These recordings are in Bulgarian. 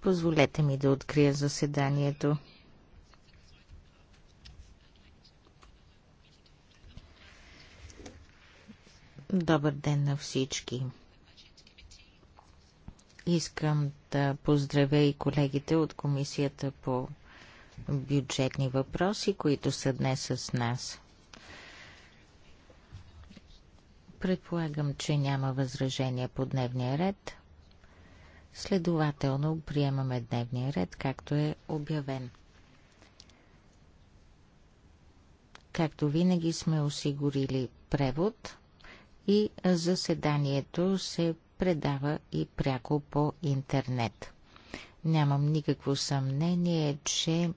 Позволете ми да открия заседанието. Добър ден на всички! Искам да поздравя и колегите от Комисията по бюджетни въпроси, които са днес с нас. Предполагам, че няма възражения по дневния ред. Следователно приемаме дневния ред, както е обявен. Както винаги сме осигурили превод и заседанието се предава и пряко по интернет. Нямам никакво съмнение, че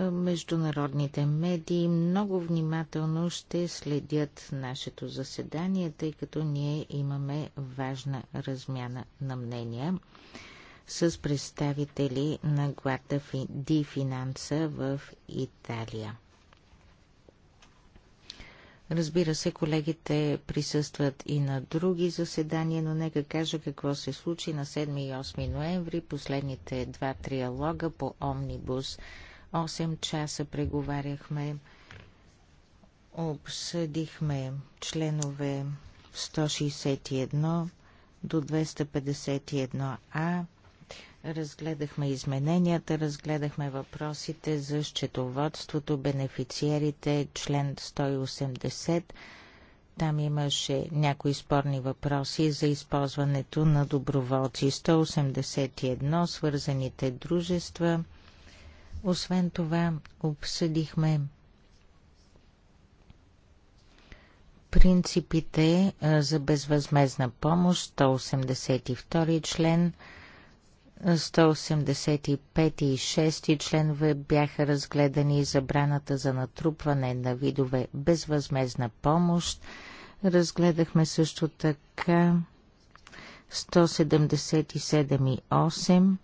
Международните медии много внимателно ще следят нашето заседание, тъй като ние имаме важна размяна на мнения с представители на Глата Ди Финанса в Италия. Разбира се, колегите присъстват и на други заседания, но нека кажа какво се случи на 7 и 8 ноември, последните два триалога по Омнибус – 8 часа преговаряхме, обсъдихме членове 161 до 251а, разгледахме измененията, разгледахме въпросите за счетоводството, бенефициерите, член 180. Там имаше някои спорни въпроси за използването на доброволци 181, свързаните дружества – освен това, обсъдихме принципите за безвъзмезна помощ, 182 член, 185 и 6 членове бяха разгледани забраната за натрупване на видове безвъзмезна помощ. Разгледахме също така 177 и 8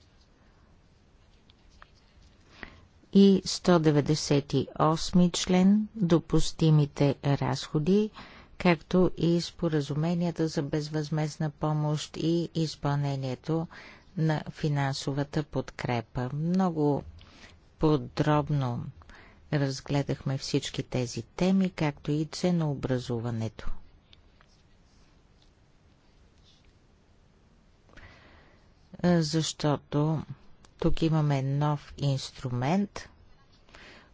и 198 член допустимите разходи, както и споразуменията за безвъзмезна помощ и изпълнението на финансовата подкрепа. Много подробно разгледахме всички тези теми, както и ценообразуването. Защото тук имаме нов инструмент.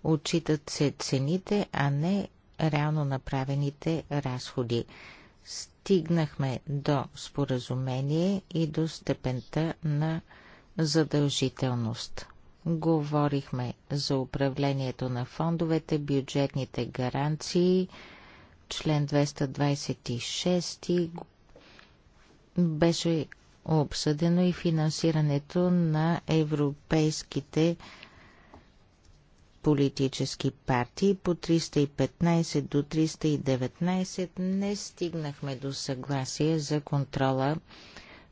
Отчитат се цените, а не реално направените разходи. Стигнахме до споразумение и до степента на задължителност. Говорихме за управлението на фондовете, бюджетните гаранции, член 226 беше обсъдено и финансирането на европейските политически партии по 315 до 319 не стигнахме до съгласие за контрола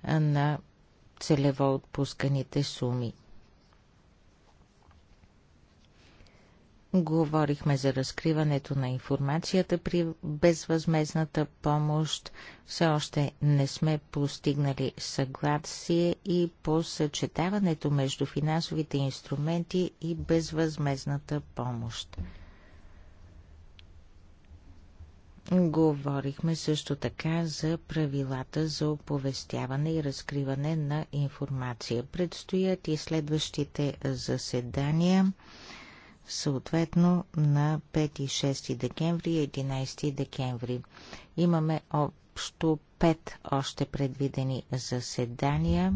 на целево отпусканите суми. Говорихме за разкриването на информацията при безвъзмезната помощ. Все още не сме постигнали съгласие и по съчетаването между финансовите инструменти и безвъзмезната помощ. Говорихме също така за правилата за оповестяване и разкриване на информация. Предстоят и следващите заседания съответно на 5 и 6 декември и 11 декември. Имаме общо 5 още предвидени заседания.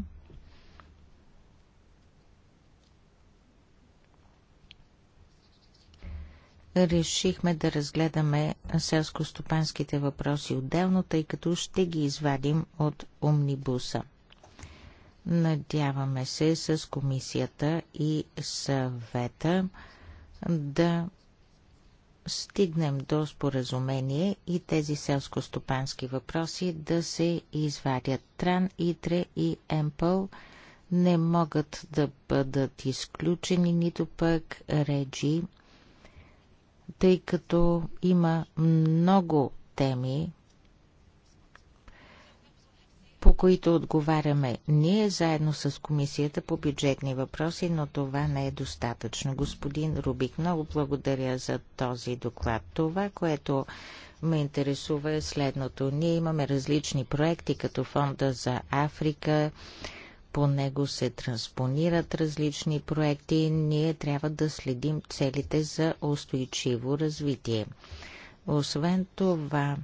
решихме да разгледаме селско-стопанските въпроси отделно, тъй като ще ги извадим от умнибуса. Надяваме се с комисията и съвета да стигнем до споразумение и тези селско-стопански въпроси да се извадят. Тран, Итре и Емпъл не могат да бъдат изключени, нито пък Реджи, тъй като има много теми, по които отговаряме ние заедно с Комисията по бюджетни въпроси, но това не е достатъчно. Господин Рубик, много благодаря за този доклад. Това, което ме интересува е следното. Ние имаме различни проекти, като Фонда за Африка, по него се транспонират различни проекти. Ние трябва да следим целите за устойчиво развитие. Освен това,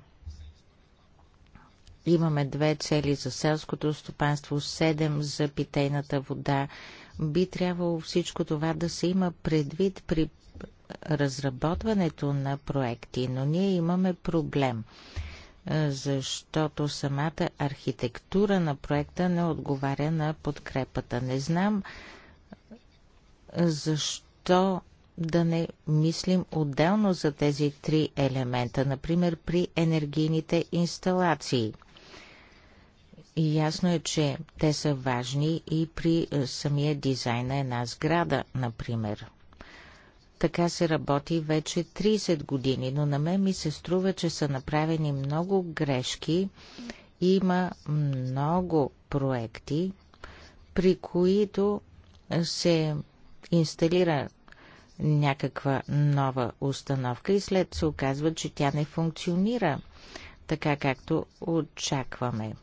Имаме две цели за селското стопанство, седем за питейната вода. Би трябвало всичко това да се има предвид при разработването на проекти, но ние имаме проблем, защото самата архитектура на проекта не отговаря на подкрепата. Не знам защо да не мислим отделно за тези три елемента, например при енергийните инсталации – Ясно е, че те са важни и при е, самия дизайн на една сграда, например. Така се работи вече 30 години, но на мен ми се струва, че са направени много грешки. Има много проекти, при които се инсталира някаква нова установка и след се оказва, че тя не функционира така, както очакваме.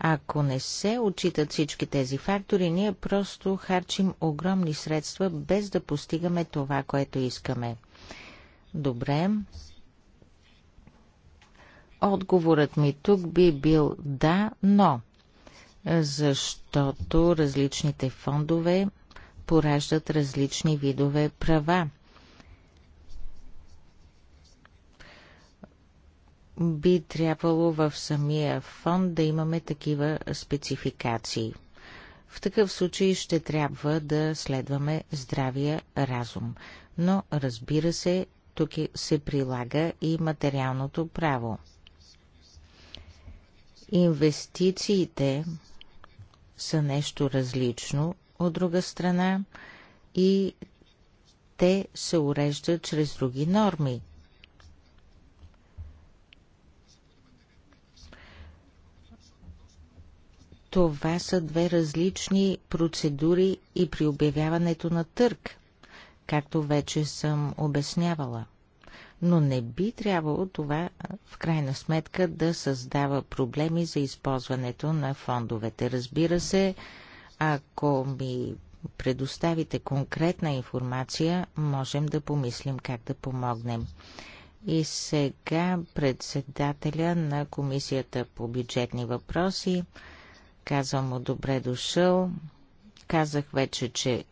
Ако не се отчитат всички тези фактори, ние просто харчим огромни средства, без да постигаме това, което искаме. Добре. Отговорът ми тук би бил да, но. Защото различните фондове пораждат различни видове права. би трябвало в самия фонд да имаме такива спецификации. В такъв случай ще трябва да следваме здравия разум. Но, разбира се, тук е- се прилага и материалното право. Инвестициите са нещо различно, от друга страна, и те се уреждат чрез други норми, Това са две различни процедури и при обявяването на търг, както вече съм обяснявала. Но не би трябвало това, в крайна сметка, да създава проблеми за използването на фондовете. Разбира се, ако ми предоставите конкретна информация, можем да помислим как да помогнем. И сега председателя на Комисията по бюджетни въпроси Казвам му добре дошъл. Казах вече, че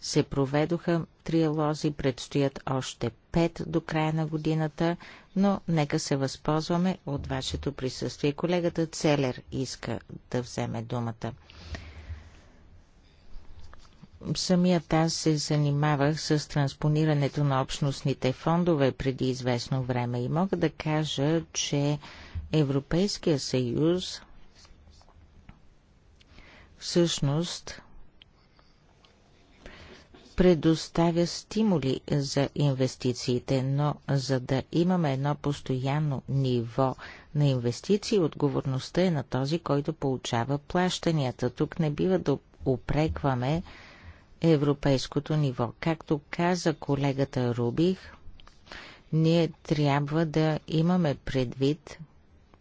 се проведоха триалози, предстоят още пет до края на годината, но нека се възползваме от вашето присъствие. Колегата Целер иска да вземе думата. Самият аз се занимавах с транспонирането на общностните фондове преди известно време и мога да кажа, че Европейския съюз всъщност предоставя стимули за инвестициите, но за да имаме едно постоянно ниво на инвестиции, отговорността е на този, който получава плащанията. Тук не бива да упрекваме европейското ниво. Както каза колегата Рубих, ние трябва да имаме предвид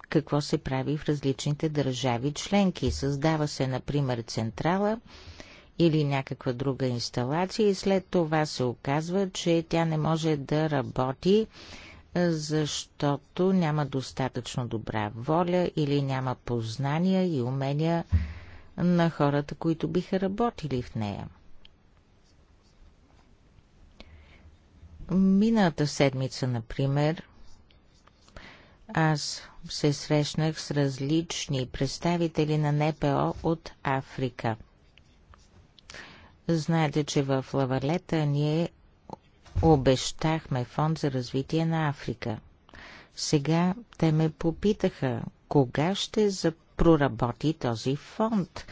какво се прави в различните държави членки. Създава се, например, централа или някаква друга инсталация и след това се оказва, че тя не може да работи, защото няма достатъчно добра воля или няма познания и умения на хората, които биха работили в нея. Миналата седмица, например, аз се срещнах с различни представители на НПО от Африка. Знаете, че в Лавалета ние обещахме фонд за развитие на Африка. Сега те ме попитаха, кога ще проработи този фонд?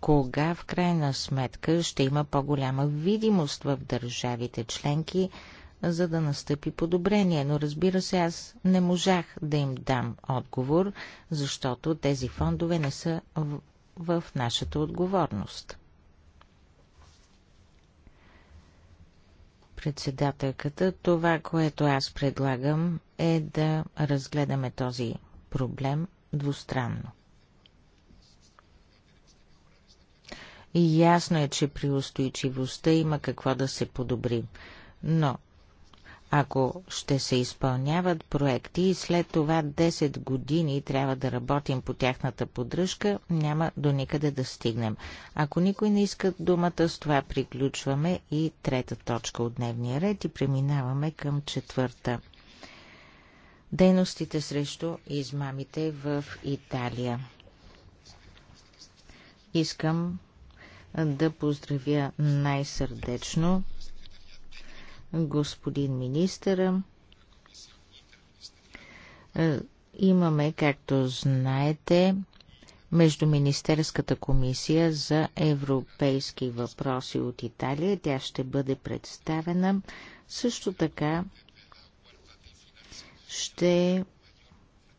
Кога в крайна сметка ще има по-голяма видимост в държавите членки за да настъпи подобрение. Но разбира се, аз не можах да им дам отговор, защото тези фондове не са в, в нашата отговорност. Председателката, това, което аз предлагам, е да разгледаме този проблем двустранно. И ясно е, че при устойчивостта има какво да се подобри. Но ако ще се изпълняват проекти и след това 10 години трябва да работим по тяхната поддръжка, няма до никъде да стигнем. Ако никой не иска думата, с това приключваме и трета точка от дневния ред и преминаваме към четвърта. Дейностите срещу измамите в Италия. Искам да поздравя най-сърдечно господин министъра. Е, имаме, както знаете, Междуминистерската комисия за европейски въпроси от Италия. Тя ще бъде представена. Също така ще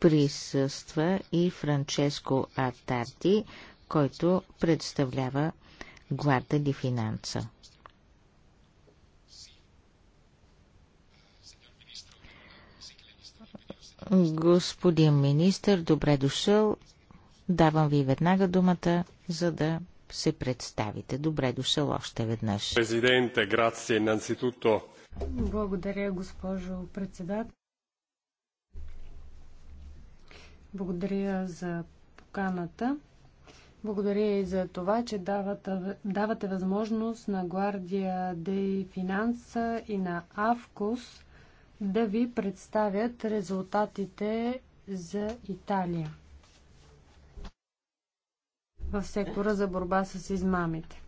присъства и Франческо Атарти, който представлява Гварда ди финанса. Господин министр, добре дошъл. Давам ви веднага думата, за да се представите. Добре дошъл още веднъж. Президенте, грация, инанситутто. Благодаря, госпожо председател. Благодаря за поканата. Благодаря и за това, че давате, давате възможност на Гвардия Дей Финанса и на Авкус да ви представят резултатите за Италия в сектора за борба с измамите.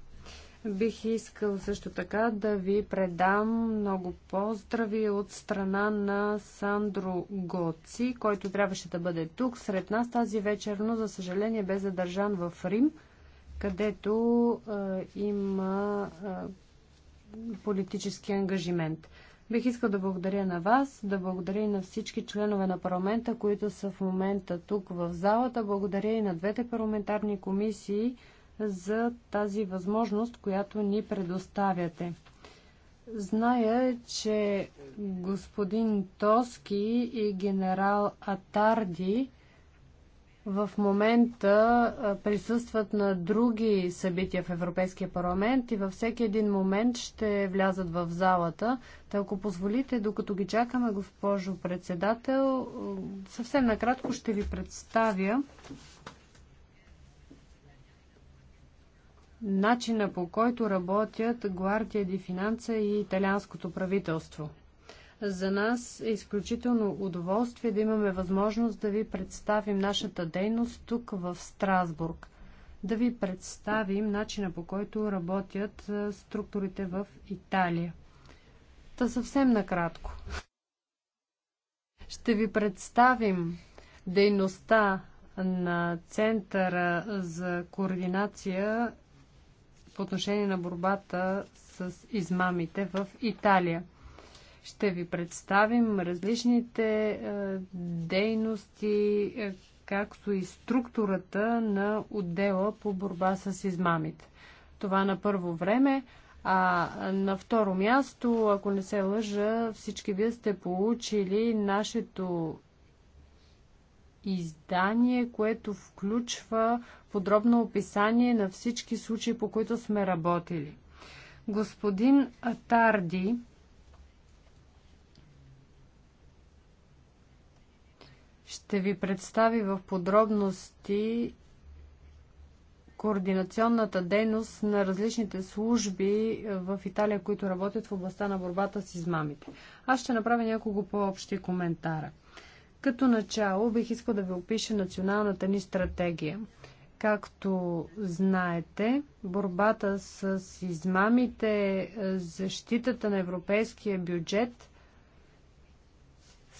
Бих искал също така да ви предам много поздрави от страна на Сандро Гоци, който трябваше да бъде тук сред нас тази вечер, но за съжаление бе задържан в Рим, където е, има е, политически ангажимент. Бих искал да благодаря на вас, да благодаря и на всички членове на парламента, които са в момента тук в залата. Благодаря и на двете парламентарни комисии за тази възможност, която ни предоставяте. Зная, че господин Тоски и генерал Атарди в момента присъстват на други събития в Европейския парламент и във всеки един момент ще влязат в залата. Та ако позволите, докато ги чакаме, госпожо председател, съвсем накратко ще ви представя начина по който работят Гвардия ди Финанса и италианското правителство – за нас е изключително удоволствие да имаме възможност да ви представим нашата дейност тук в Страсбург. Да ви представим начина по който работят структурите в Италия. Та съвсем накратко. Ще ви представим дейността на Центъра за координация по отношение на борбата с измамите в Италия. Ще ви представим различните е, дейности, е, както и структурата на отдела по борба с измамите. Това на първо време. А на второ място, ако не се лъжа, всички вие сте получили нашето издание, което включва подробно описание на всички случаи, по които сме работили. Господин Атарди ще ви представи в подробности координационната дейност на различните служби е, в Италия, които работят в областта на борбата с измамите. Аз ще направя няколко по-общи коментара. Като начало бих искал да ви опиша националната ни стратегия. Както знаете, борбата с измамите, е, защитата на европейския бюджет –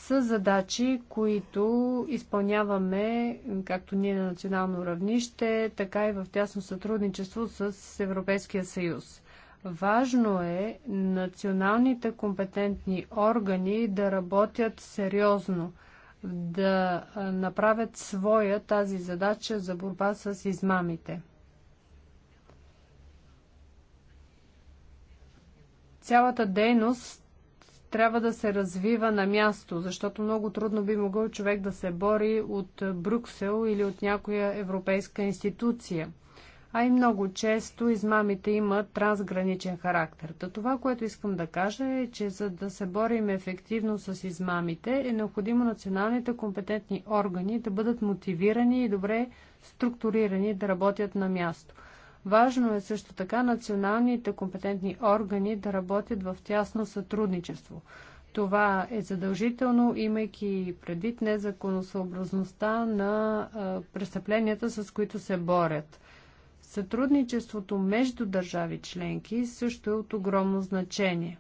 са задачи, които изпълняваме както ние на национално равнище, така и в тясно сътрудничество с Европейския съюз. Важно е националните компетентни органи да работят сериозно, да направят своя тази задача за борба с измамите. Цялата дейност трябва да се развива на място, защото много трудно би могъл човек да се бори от Брюксел или от някоя европейска институция. А и много често измамите имат трансграничен характер. Та това, което искам да кажа е, че за да се борим ефективно с измамите, е необходимо националните компетентни органи да бъдат мотивирани и добре структурирани да работят на място – Важно е също така националните компетентни органи да работят в тясно сътрудничество. Това е задължително, имайки предвид незаконосъобразността на престъпленията, с които се борят. Сътрудничеството между държави членки също е от огромно значение.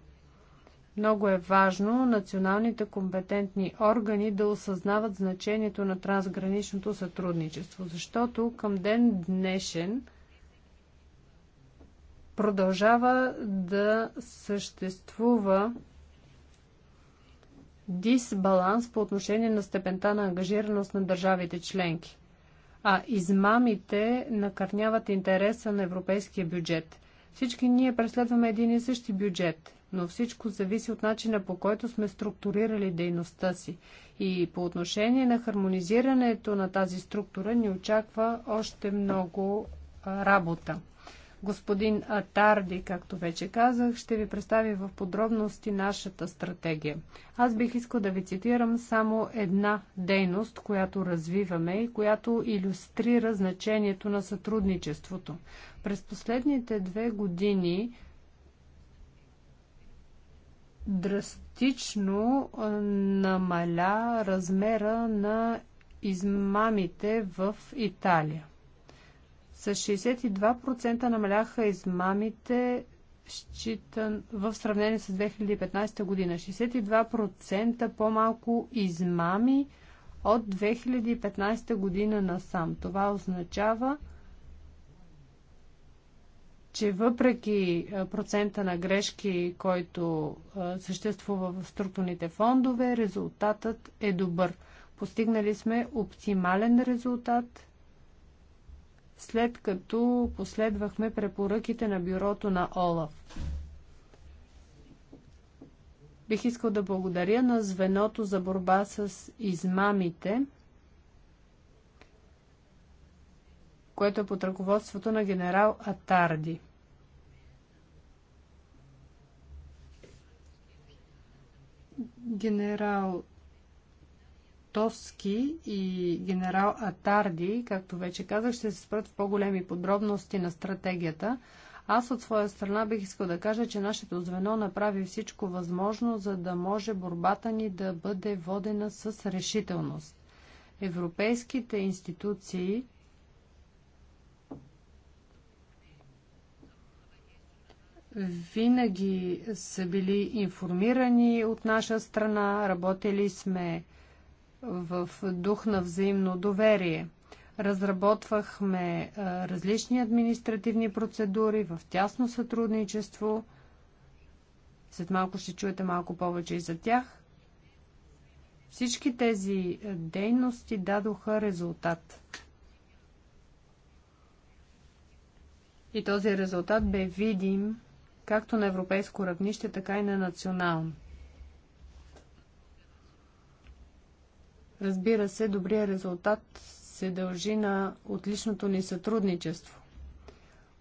Много е важно националните компетентни органи да осъзнават значението на трансграничното сътрудничество, защото към ден днешен – продължава да съществува дисбаланс по отношение на степента на ангажираност на държавите членки. А измамите накърняват интереса на европейския бюджет. Всички ние преследваме един и същи бюджет, но всичко зависи от начина по който сме структурирали дейността си. И по отношение на хармонизирането на тази структура ни очаква още много работа. Господин Атарди, както вече казах, ще ви представи в подробности нашата стратегия. Аз бих искал да ви цитирам само една дейност, която развиваме и която иллюстрира значението на сътрудничеството. През последните две години драстично намаля размера на измамите в Италия. С 62% намаляха измамите считан в сравнение с 2015 година. 62% по-малко измами от 2015 година насам. Това означава, че въпреки процента на грешки, който съществува в структурните фондове, резултатът е добър. Постигнали сме оптимален резултат след като последвахме препоръките на бюрото на ОЛАФ. Бих искал да благодаря на звеното за борба с измамите, което е под ръководството на генерал Атарди. Генерал Левандовски и генерал Атарди, както вече казах, ще се спрат в по-големи подробности на стратегията. Аз от своя страна бих искал да кажа, че нашето звено направи всичко възможно, за да може борбата ни да бъде водена с решителност. Европейските институции винаги са били информирани от наша страна, работили сме в дух на взаимно доверие. Разработвахме е, различни административни процедури в тясно сътрудничество. След малко ще чуете малко повече и за тях. Всички тези е, дейности дадоха резултат. И този резултат бе видим както на европейско равнище, така и на национално. Разбира се, добрият резултат се дължи на отличното ни сътрудничество.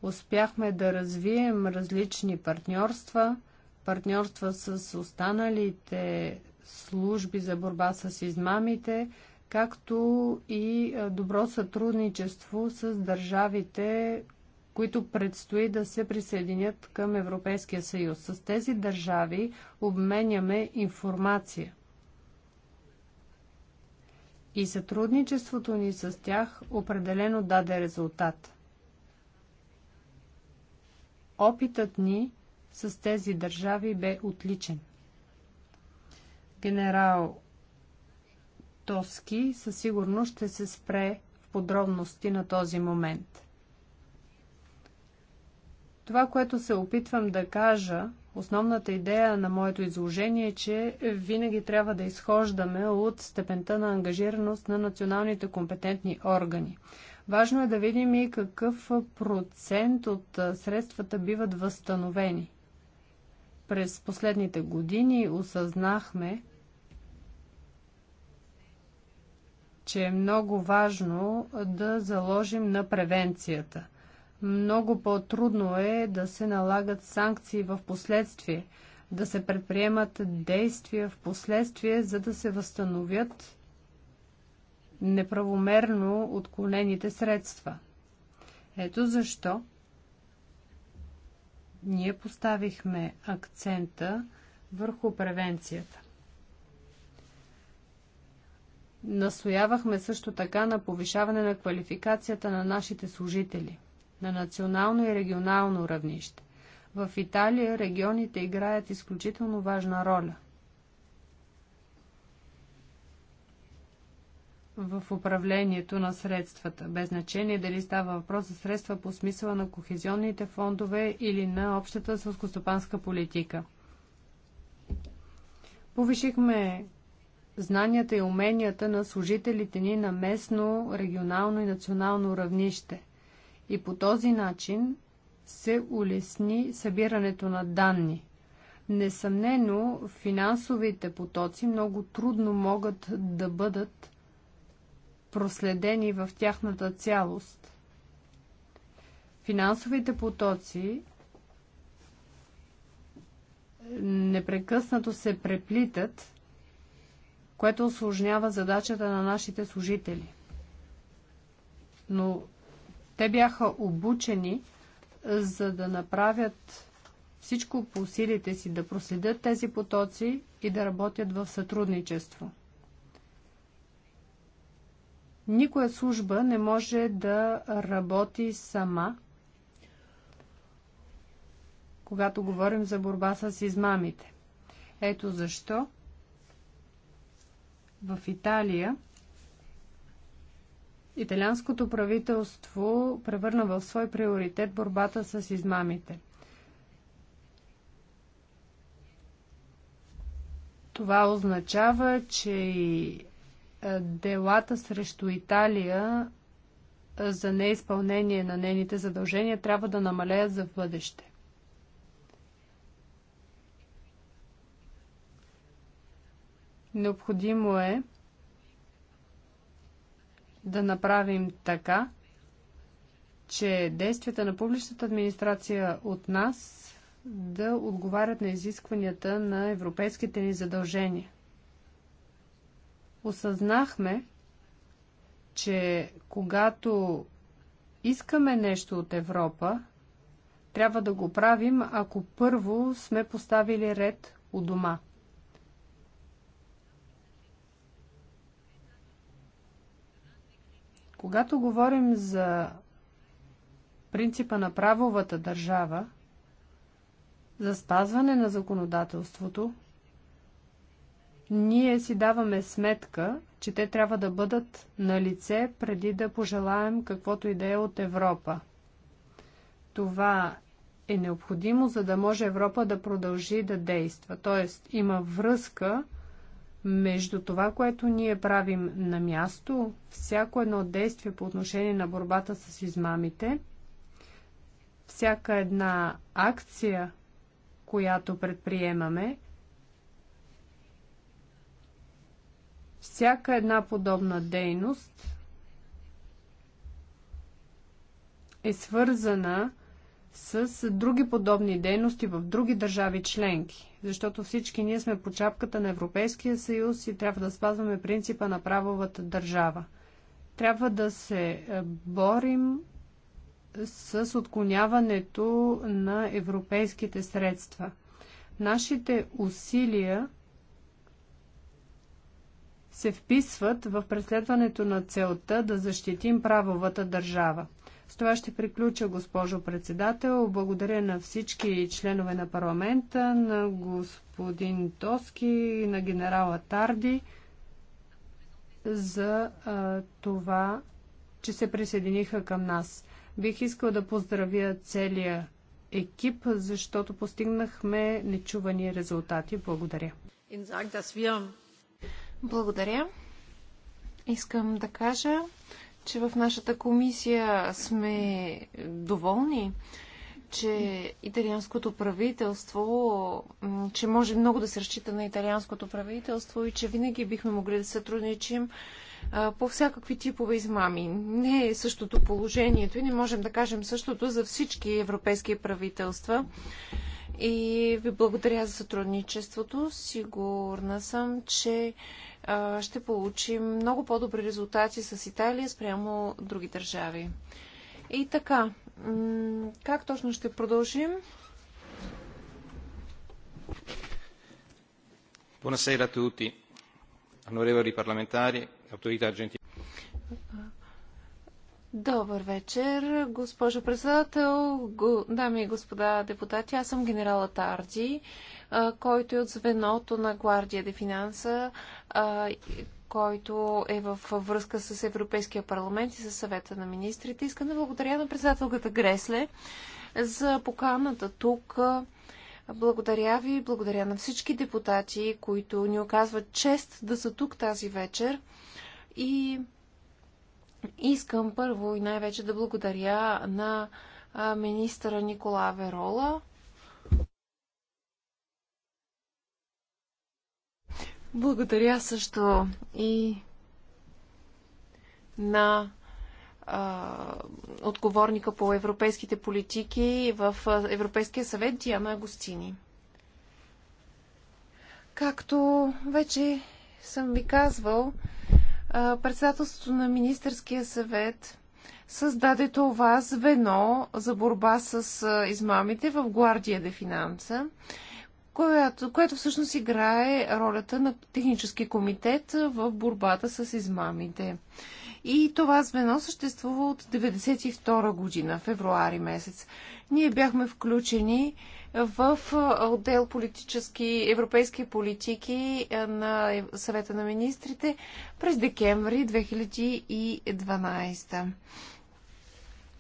Успяхме да развием различни партньорства, партньорства с останалите служби за борба с измамите, както и добро сътрудничество с държавите, които предстои да се присъединят към Европейския съюз. С тези държави обменяме информация – и сътрудничеството ни с тях определено даде резултат. Опитът ни с тези държави бе отличен. Генерал Тоски със сигурност ще се спре в подробности на този момент. Това, което се опитвам да кажа, Основната идея на моето изложение е, че винаги трябва да изхождаме от степента на ангажираност на националните компетентни органи. Важно е да видим и какъв процент от средствата биват възстановени. През последните години осъзнахме, че е много важно да заложим на превенцията – много по-трудно е да се налагат санкции в последствие, да се предприемат действия в последствие, за да се възстановят неправомерно отклонените средства. Ето защо ние поставихме акцента върху превенцията. Насоявахме също така на повишаване на квалификацията на нашите служители – на национално и регионално равнище. В Италия регионите играят изключително важна роля. в управлението на средствата, без значение дали става въпрос за средства по смисъла на кохезионните фондове или на общата сълскостопанска политика. Повишихме знанията и уменията на служителите ни на местно, регионално и национално равнище – и по този начин се улесни събирането на данни. Несъмнено, финансовите потоци много трудно могат да бъдат проследени в тяхната цялост. Финансовите потоци непрекъснато се преплитат, което осложнява задачата на нашите служители. Но те бяха обучени за да направят всичко по усилите си, да проследят тези потоци и да работят в сътрудничество. Никоя служба не може да работи сама, когато говорим за борба с измамите. Ето защо в Италия италианското правителство превърна в свой приоритет борбата с измамите. Това означава, че и е, делата срещу Италия е, за неизпълнение на нейните задължения трябва да намалеят за в бъдеще. Необходимо е да направим така, че действията на публичната администрация от нас да отговарят на изискванията на европейските ни задължения. Осъзнахме, че когато искаме нещо от Европа, трябва да го правим, ако първо сме поставили ред у дома. Когато говорим за принципа на правовата държава, за спазване на законодателството, ние си даваме сметка, че те трябва да бъдат на лице преди да пожелаем каквото и да е от Европа. Това е необходимо, за да може Европа да продължи да действа. Тоест има връзка между това, което ние правим на място, всяко едно действие по отношение на борбата с измамите, всяка една акция, която предприемаме, всяка една подобна дейност е свързана с други подобни дейности в други държави членки, защото всички ние сме по чапката на Европейския съюз и трябва да спазваме принципа на правовата държава. Трябва да се е, борим с отклоняването на европейските средства. Нашите усилия се вписват в преследването на целта да защитим правовата държава. С това ще приключа, госпожо председател. Благодаря на всички членове на парламента, на господин Тоски, на генерала Тарди за а, това, че се присъединиха към нас. Бих искал да поздравя целия екип, защото постигнахме нечувани резултати. Благодаря. Благодаря. Искам да кажа, че в нашата комисия сме доволни, че италианското правителство, че може много да се разчита на италианското правителство и че винаги бихме могли да сътрудничим по всякакви типове измами. Не е същото положението и не можем да кажем същото за всички европейски правителства. И ви благодаря за сътрудничеството. Сигурна съм, че ще получим много по-добри резултати с Италия спрямо други държави. И така, как точно ще продължим? Buonasera a tutti, onorevoli parlamentari, autorità argentine. Добър вечер, госпожо председател, го, дами и господа депутати. Аз съм генерала Тарди, който е от звеното на Гвардия де Финанса, който е в връзка с Европейския парламент и с съвета на министрите. Искам да благодаря на председателката Гресле за поканата тук. Благодаря ви, благодаря на всички депутати, които ни оказват чест да са тук тази вечер. И Искам първо и най-вече да благодаря на министъра Никола Верола. Благодаря също и на отговорника по европейските политики в Европейския съвет Диана Агустини. Както вече съм ви казвал, председателството на Министерския съвет създаде това звено за борба с измамите в Гвардия де Финанса, която, което всъщност играе ролята на технически комитет в борбата с измамите. И това звено съществува от 1992 година, февруари месец. Ние бяхме включени в отдел политически, европейски политики на е, съвета на министрите през декември 2012.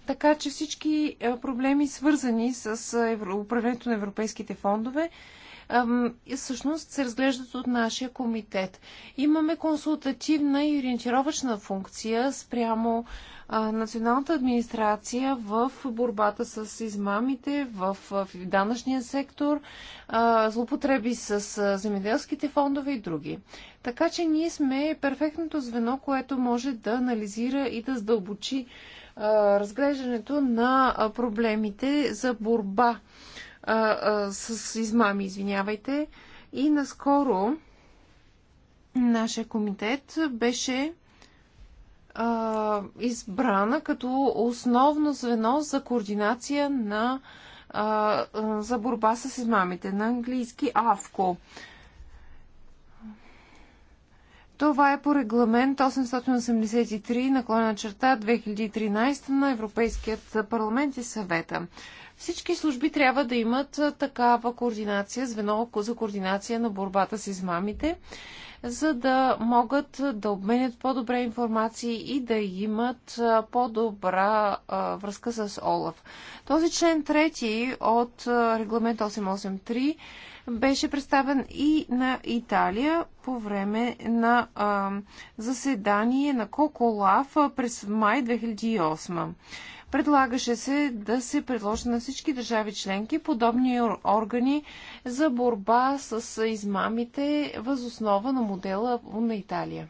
Така че всички проблеми, свързани с управлението на европейските фондове, всъщност се разглеждат от нашия комитет. Имаме консултативна и ориентировачна функция спрямо националната администрация в борбата с измамите, в, данъчния сектор, злопотреби с земеделските фондове и други. Така че ние сме перфектното звено, което може да анализира и да задълбочи разглеждането на проблемите за борба а, а, с измами, извинявайте. И наскоро нашия комитет беше а, избрана като основно звено за координация на а, за борба с измамите на английски АВКО. Това е по регламент 883 наклона черта 2013 на Европейският парламент и съвета. Всички служби трябва да имат такава координация, звено за координация на борбата с измамите, за да могат да обменят по-добре информации и да имат по-добра връзка с ОЛАФ. Този член 3 от регламент 883 беше представен и на Италия по време на а, заседание на Коколав през май 2008. Предлагаше се да се предложи на всички държави членки подобни органи за борба с измамите възоснова на модела на Италия.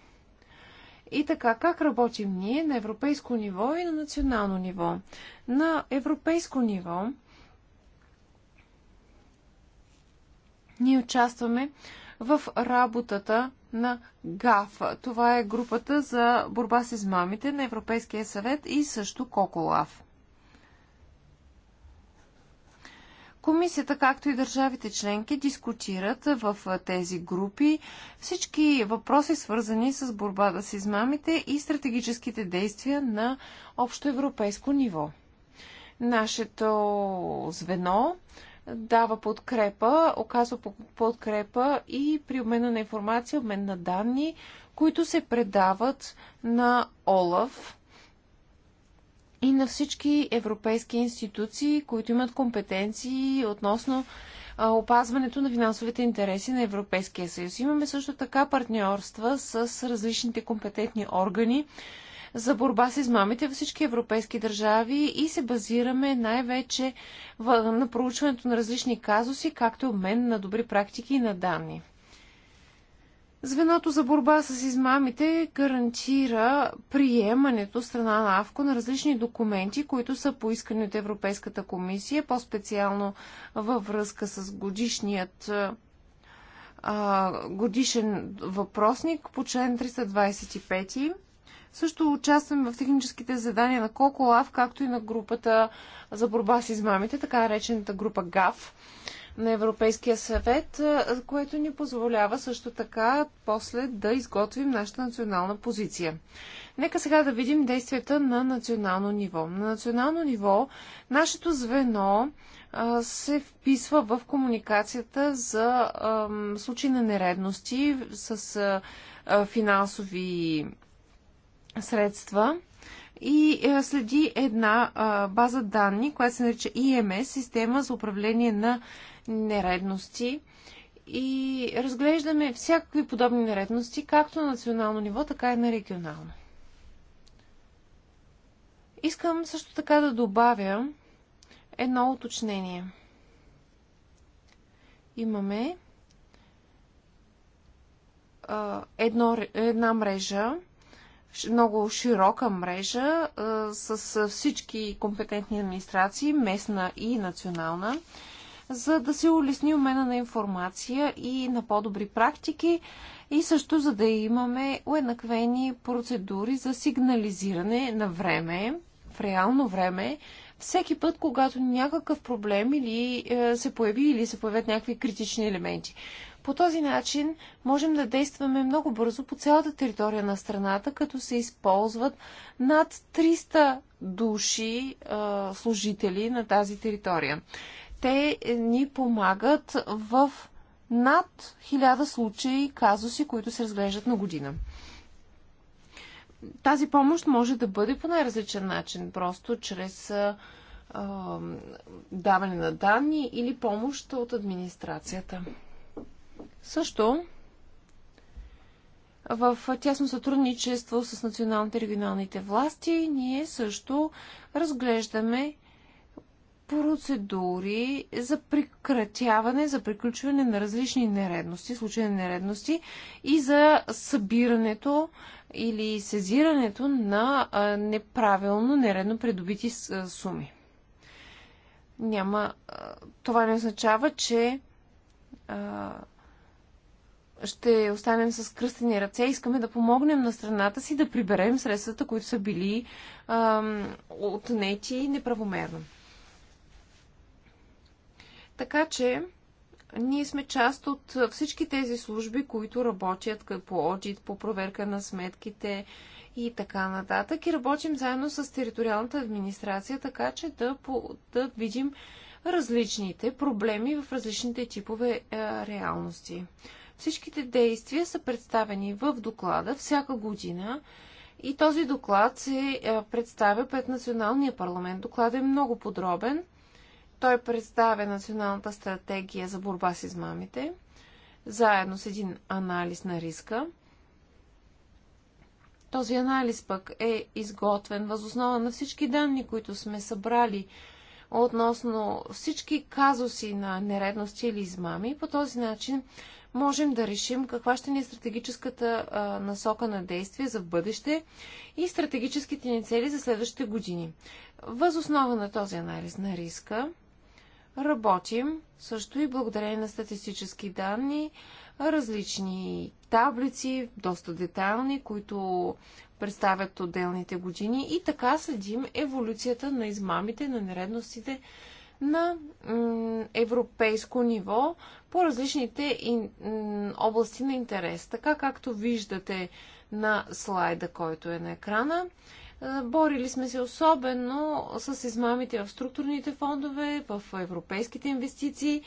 И така, как работим ние на европейско ниво и на национално ниво? На европейско ниво Ние участваме в работата на ГАФ. Това е групата за борба с измамите на Европейския съвет и също КОКОЛАВ. Комисията, както и държавите членки, дискутират в тези групи всички въпроси, свързани с борбата с измамите и стратегическите действия на общо европейско ниво. Нашето звено дава подкрепа, оказва подкрепа и при обмена на информация, обмен на данни, които се предават на ОЛАВ и на всички европейски институции, които имат компетенции относно опазването на финансовите интереси на Европейския съюз. Имаме също така партньорства с различните компетентни органи, за борба с измамите във всички европейски държави и се базираме най-вече на проучването на различни казуси, както и обмен на добри практики и на данни. Звеното за борба с измамите гарантира приемането страна на АВКО на различни документи, които са поискани от Европейската комисия, по-специално във връзка с годишният а, годишен въпросник по член 325 също участваме в техническите задания на Лав, както и на групата за борба с измамите, така наречената група ГАВ на Европейския съвет, което ни позволява също така после да изготвим нашата национална позиция. Нека сега да видим действията на национално ниво. На национално ниво нашето звено а, се вписва в комуникацията за а, случаи на нередности с а, финансови средства и е, следи една база данни, която се нарича ИМС, система за управление на нередности. И разглеждаме всякакви подобни нередности, както на национално ниво, така и на регионално. Искам също така да добавя едно уточнение. Имаме едно, една мрежа, много широка мрежа с всички компетентни администрации, местна и национална, за да се улесни умена на информация и на по-добри практики и също за да имаме уеднаквени процедури за сигнализиране на време, в реално време, всеки път, когато някакъв проблем или е, се появи или се появят някакви критични елементи. По този начин можем да действаме много бързо по цялата територия на страната, като се използват над 300 души а, служители на тази територия. Те е, ни помагат в над 1000 случаи казуси, които се разглеждат на година тази помощ може да бъде по най-различен начин, просто чрез а, а, даване на данни или помощ от администрацията. Също в тясно сътрудничество с националните и регионалните власти ние също разглеждаме процедури за прекратяване, за приключване на различни нередности, случайни нередности и за събирането или сезирането на неправилно, нередно придобити суми. Няма. Това не означава, че ще останем с кръстени ръце. Искаме да помогнем на страната си да приберем средствата, които са били ам, отнети неправомерно. Така че, ние сме част от всички тези служби, които работят по одит, по проверка на сметките и така нататък. И работим заедно с териториалната администрация, така че да, да видим различните проблеми в различните типове е, реалности. Всичките действия са представени в доклада всяка година и този доклад се е, представя пред Националния парламент. Докладът е много подробен. Той представя Националната стратегия за борба с измамите, заедно с един анализ на риска. Този анализ пък е изготвен възоснова на всички данни, които сме събрали относно всички казуси на нередности или измами. По този начин можем да решим каква ще ни е стратегическата а, насока на действие за бъдеще и стратегическите ни цели за следващите години. Въз основа на този анализ на риска работим също и благодарение на статистически данни, различни таблици, доста детайлни, които представят отделните години и така следим еволюцията на измамите, на нередностите, на европейско ниво по различните области на интерес. Така както виждате на слайда, който е на екрана, борили сме се особено с измамите в структурните фондове, в европейските инвестиции,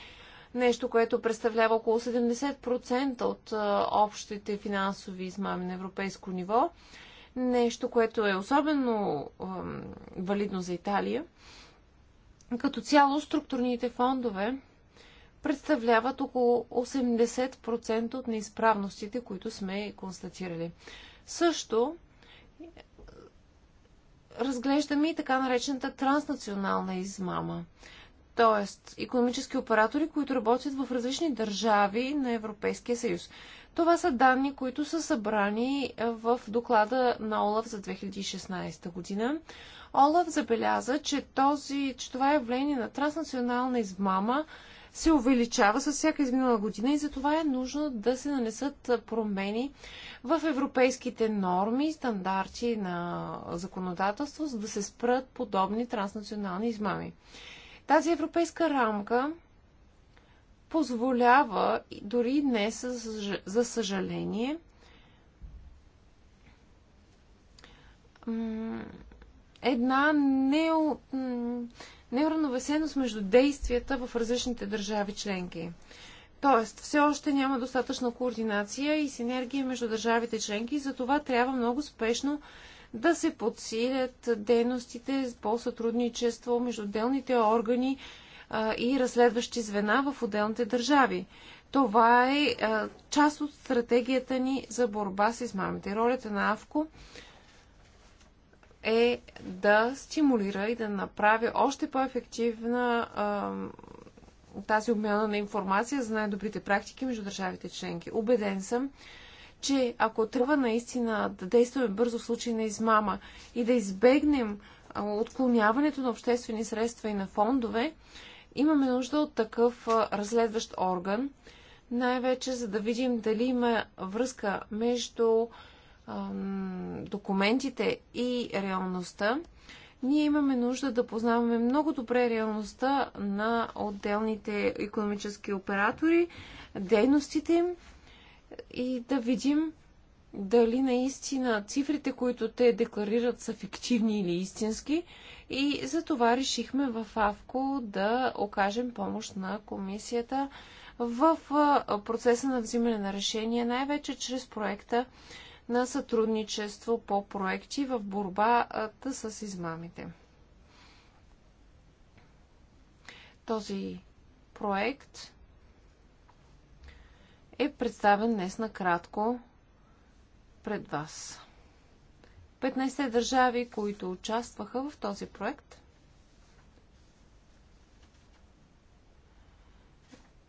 нещо, което представлява около 70% от общите финансови измами на европейско ниво, нещо, което е особено валидно за Италия. Като цяло структурните фондове представляват около 80% от неизправностите, които сме констатирали. Също разглеждаме и така наречената транснационална измама. Тоест, економически оператори, които работят в различни държави на Европейския съюз. Това са данни, които са събрани в доклада на ОЛАВ за 2016 година. Олаф забеляза, че, този, че това явление на транснационална измама се увеличава с всяка изминала година и затова е нужно да се нанесат промени в европейските норми и стандарти на законодателство, за да се спрат подобни транснационални измами. Тази европейска рамка позволява дори днес, за съжаление, една неуравновесеност между действията в различните държави членки. Тоест, все още няма достатъчна координация и синергия между държавите членки, за това трябва много спешно да се подсилят дейностите по сътрудничество между отделните органи а, и разследващи звена в отделните държави. Това е а, част от стратегията ни за борба с измамите. Ролята на АВКО е да стимулира и да направи още по-ефективна тази обмяна на информация за най-добрите практики между държавите членки. Обеден съм, че ако трябва наистина да действаме бързо в случай на измама и да избегнем отклоняването на обществени средства и на фондове, имаме нужда от такъв разследващ орган, най-вече за да видим дали има връзка между документите и реалността, ние имаме нужда да познаваме много добре реалността на отделните економически оператори, дейностите им и да видим дали наистина цифрите, които те декларират, са фиктивни или истински. И за това решихме в АВКО да окажем помощ на комисията в процеса на взимане на решение, най-вече чрез проекта на сътрудничество по проекти в борбата с измамите. Този проект е представен днес накратко пред вас. 15 държави, които участваха в този проект,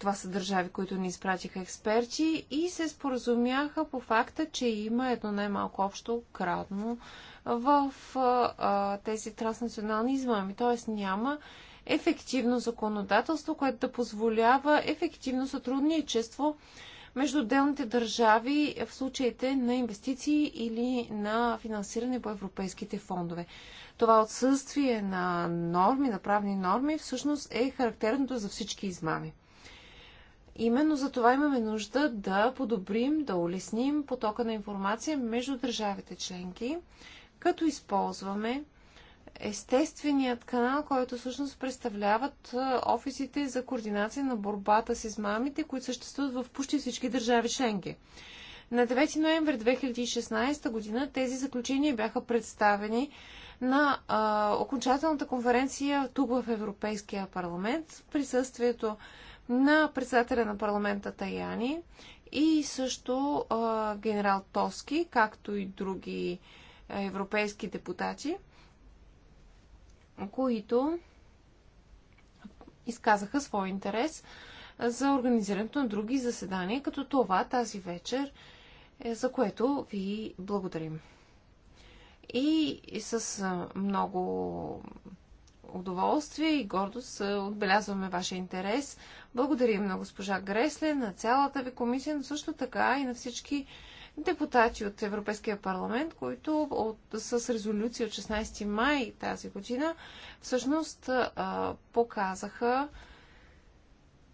Това са държави, които ни изпратиха експерти и се споразумяха по факта, че има едно най-малко общо крадно в а, тези транснационални измами. Т.е. няма ефективно законодателство, което да позволява ефективно сътрудничество между отделните държави в случаите на инвестиции или на финансиране по европейските фондове. Това отсъствие на норми, на правни норми, всъщност е характерното за всички измами. Именно за това имаме нужда да подобрим, да улесним потока на информация между държавите членки, като използваме естественият канал, който всъщност представляват офисите за координация на борбата с измамите, които съществуват в почти всички държави членки. На 9 ноември 2016 година тези заключения бяха представени на а, окончателната конференция тук в Европейския парламент присъствието на председателя на парламента Таяни и също генерал Тоски, както и други европейски депутати, които изказаха свой интерес за организирането на други заседания, като това тази вечер, е, за което ви благодарим. И с много удоволствие и гордост отбелязваме вашия интерес. Благодарим на госпожа Гресле, на цялата ви комисия, но също така и на всички депутати от Европейския парламент, които от, с резолюция от 16 май тази година всъщност а, показаха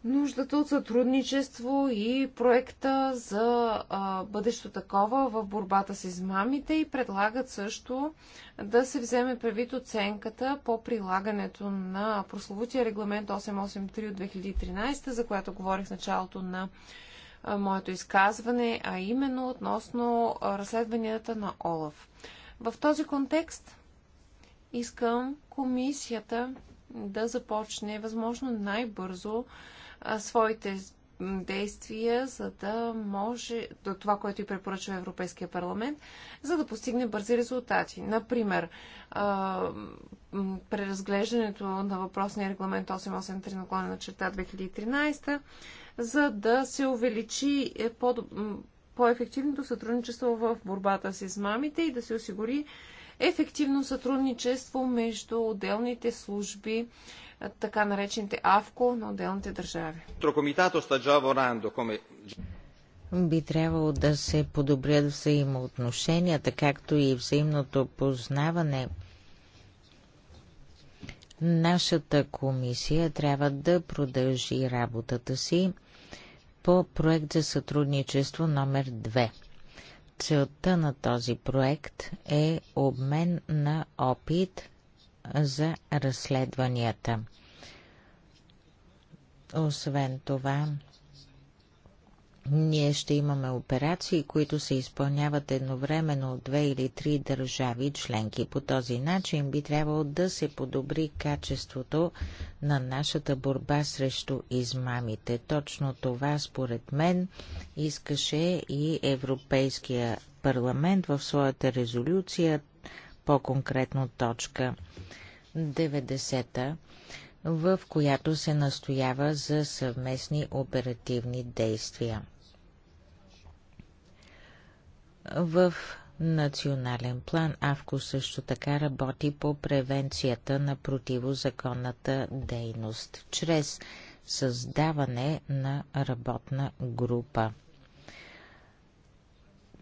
нуждата от сътрудничество и проекта за а, бъдещо такова в борбата с измамите и предлагат също да се вземе предвид оценката по прилагането на прословутия регламент 883 от 2013, за която говорих в началото на а, моето изказване, а именно относно разследванията на ОЛАФ. В този контекст искам комисията да започне възможно най-бързо своите действия, за да може до това, което и препоръчва Европейския парламент, за да постигне бързи резултати. Например, преразглеждането на въпросния регламент 883 наклона на черта 2013, за да се увеличи е, по-ефективното сътрудничество в борбата с измамите и да се осигури ефективно сътрудничество между отделните служби така наречените АВКО на отделните държави. Би трябвало да се подобрят взаимоотношенията, както и взаимното познаване. Нашата комисия трябва да продължи работата си по проект за сътрудничество номер 2. Целта на този проект е обмен на опит за разследванията. Освен това, ние ще имаме операции, които се изпълняват едновременно от две или три държави членки. По този начин би трябвало да се подобри качеството на нашата борба срещу измамите. Точно това, според мен, искаше и Европейския парламент в своята резолюция по-конкретно точка 90, в която се настоява за съвместни оперативни действия. В национален план АВКО също така работи по превенцията на противозаконната дейност чрез създаване на работна група.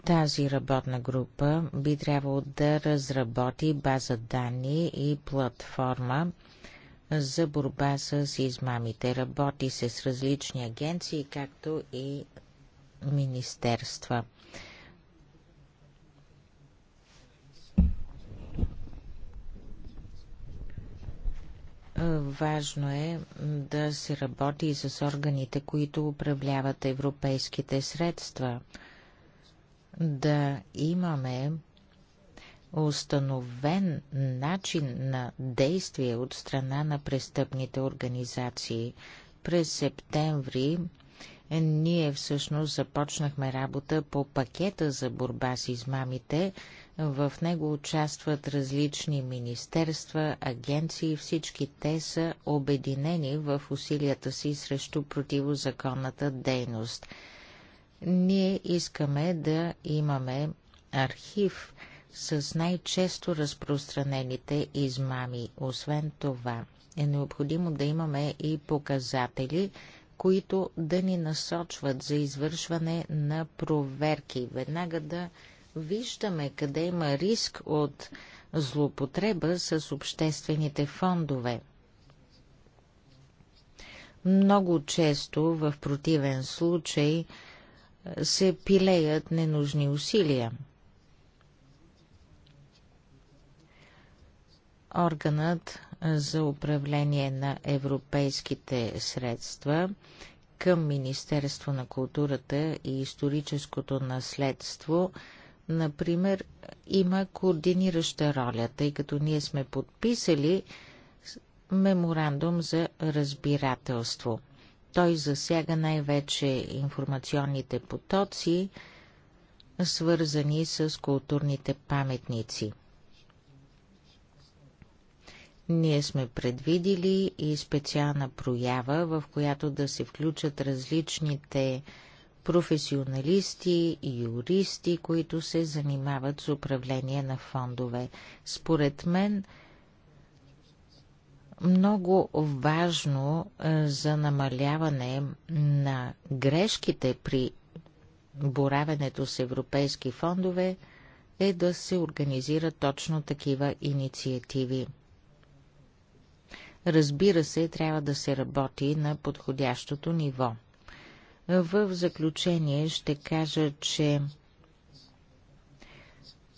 Тази работна група би трябвало да разработи база данни и платформа за борба с измамите. Работи се с различни агенции, както и министерства. Важно е да се работи и с органите, които управляват европейските средства – да имаме установен начин на действие от страна на престъпните организации. През септември ние всъщност започнахме работа по пакета за борба с измамите. В него участват различни министерства, агенции, всички те са обединени в усилията си срещу противозаконната дейност – ние искаме да имаме архив с най-често разпространените измами. Освен това, е необходимо да имаме и показатели, които да ни насочват за извършване на проверки. Веднага да виждаме къде има риск от злоупотреба с обществените фондове. Много често, в противен случай, се пилеят ненужни усилия. Органът за управление на европейските средства към Министерство на културата и историческото наследство, например, има координираща роля, тъй като ние сме подписали меморандум за разбирателство – той засяга най-вече информационните потоци, свързани с културните паметници. Ние сме предвидили и специална проява, в която да се включат различните професионалисти и юристи, които се занимават с управление на фондове. Според мен, много важно е, за намаляване на грешките при боравенето с европейски фондове е да се организират точно такива инициативи. Разбира се, трябва да се работи на подходящото ниво. В заключение ще кажа, че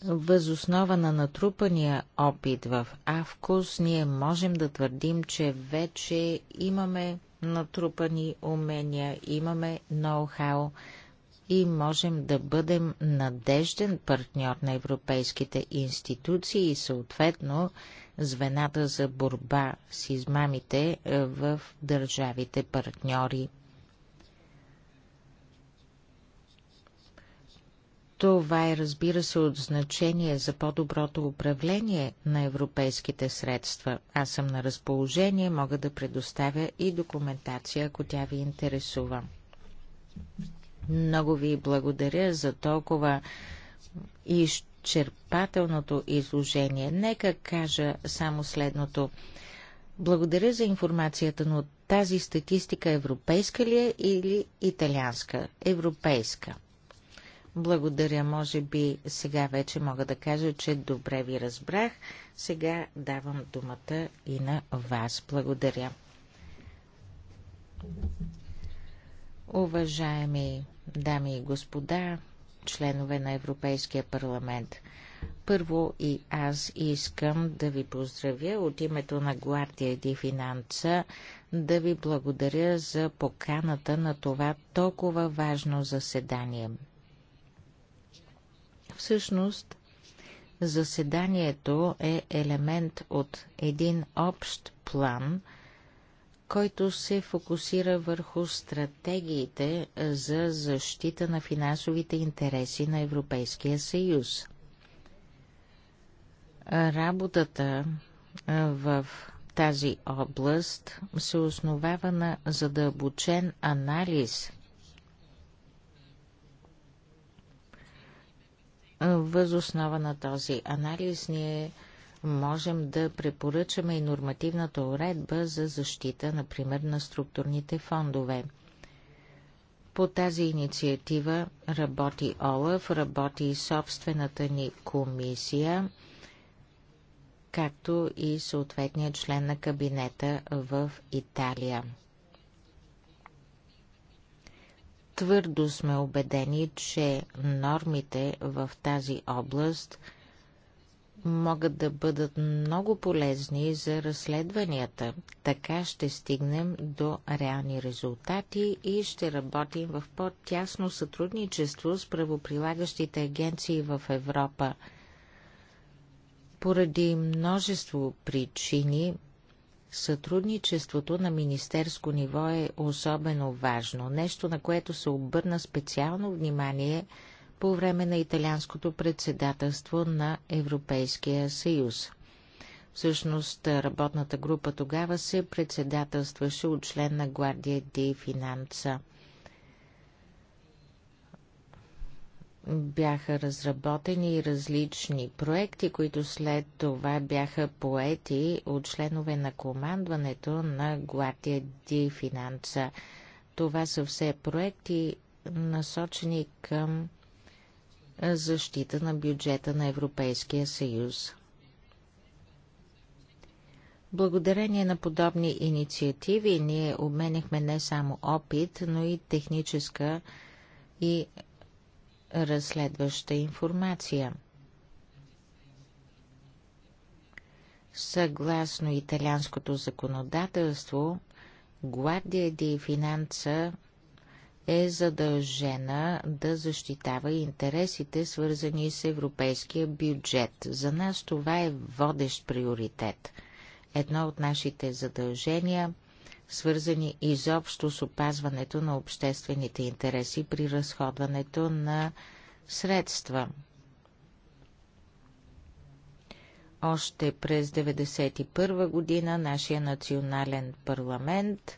Възоснова на натрупания опит в Авкус, ние можем да твърдим, че вече имаме натрупани умения, имаме ноу-хау и можем да бъдем надежден партньор на европейските институции и съответно звената за борба с измамите в държавите партньори. Това е, разбира се, от значение за по-доброто управление на европейските средства. Аз съм на разположение, мога да предоставя и документация, ако тя ви интересува. Много ви благодаря за толкова изчерпателното изложение. Нека кажа само следното. Благодаря за информацията, но тази статистика европейска ли е или италианска? Европейска. Благодаря, може би сега вече мога да кажа, че добре ви разбрах. Сега давам думата и на вас. Благодаря. Уважаеми дами и господа, членове на Европейския парламент, първо и аз искам да ви поздравя от името на Гвардия Ди Финанса, да ви благодаря за поканата на това толкова важно заседание. Всъщност, заседанието е елемент от един общ план, който се фокусира върху стратегиите за защита на финансовите интереси на Европейския съюз. Работата в тази област се основава на задълбочен анализ Възоснова на този анализ ние можем да препоръчаме и нормативната уредба за защита, например, на структурните фондове. По тази инициатива работи ОЛАФ, работи и собствената ни комисия, както и съответният член на кабинета в Италия. Твърдо сме убедени, че нормите в тази област могат да бъдат много полезни за разследванията. Така ще стигнем до реални резултати и ще работим в по-тясно сътрудничество с правоприлагащите агенции в Европа. Поради множество причини Сътрудничеството на министерско ниво е особено важно, нещо на което се обърна специално внимание по време на италианското председателство на Европейския съюз. Всъщност работната група тогава се председателстваше от член на Гвардия Ди Финанца – бяха разработени различни проекти, които след това бяха поети от членове на командването на Гуатия Ди Финанса. Това са все проекти, насочени към защита на бюджета на Европейския съюз. Благодарение на подобни инициативи ние обменихме не само опит, но и техническа и разследваща информация. Съгласно италианското законодателство, Гвардия де Финанца е задължена да защитава интересите, свързани с европейския бюджет. За нас това е водещ приоритет. Едно от нашите задължения – свързани изобщо с опазването на обществените интереси при разходването на средства. Още през 1991 година нашия национален парламент,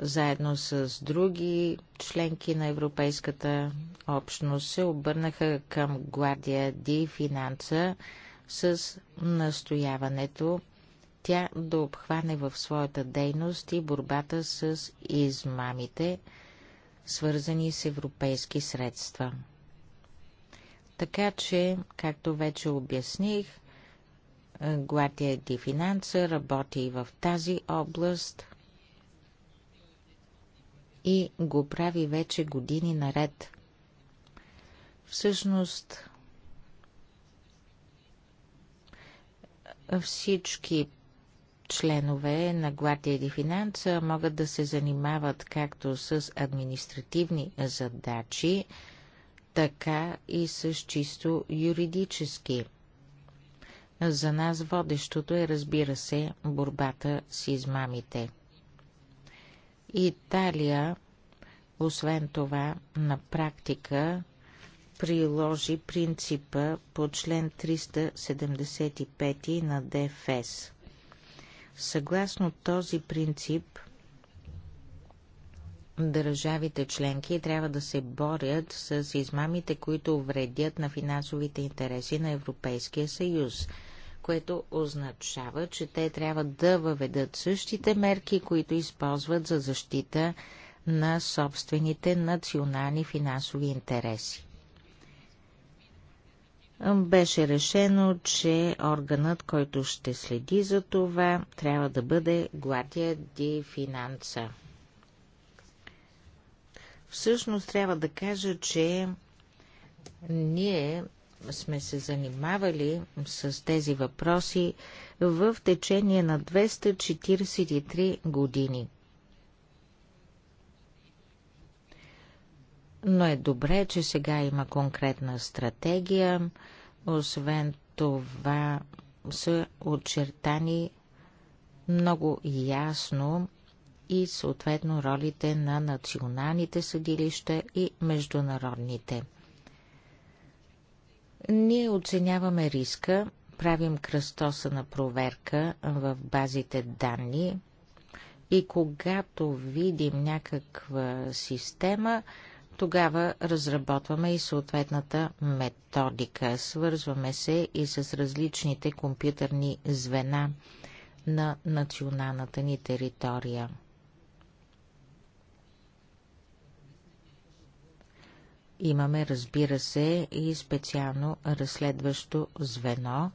заедно с други членки на Европейската общност, се обърнаха към Гвардия Ди Финанса с настояването тя да обхване в своята дейност и борбата с измамите, свързани с европейски средства. Така че, както вече обясних, е, Гвардия Ди Финанса работи и в тази област и го прави вече години наред. Всъщност, всички членове на Гвардия ди Финанса могат да се занимават както с административни задачи, така и с чисто юридически. За нас водещото е, разбира се, борбата с измамите. Италия, освен това, на практика приложи принципа по член 375 на ДФС. Съгласно този принцип, държавите членки трябва да се борят с измамите, които вредят на финансовите интереси на Европейския съюз, което означава, че те трябва да въведат същите мерки, които използват за защита на собствените национални финансови интереси беше решено, че органът, който ще следи за това, трябва да бъде Гладия ди Финанса. Всъщност трябва да кажа, че ние сме се занимавали с тези въпроси в течение на 243 години. но е добре, че сега има конкретна стратегия. Освен това са очертани много ясно и съответно ролите на националните съдилища и международните. Ние оценяваме риска, правим кръстоса на проверка в базите данни и когато видим някаква система, тогава разработваме и съответната методика. Свързваме се и с различните компютърни звена на националната ни територия. Имаме, разбира се, и специално разследващо звено,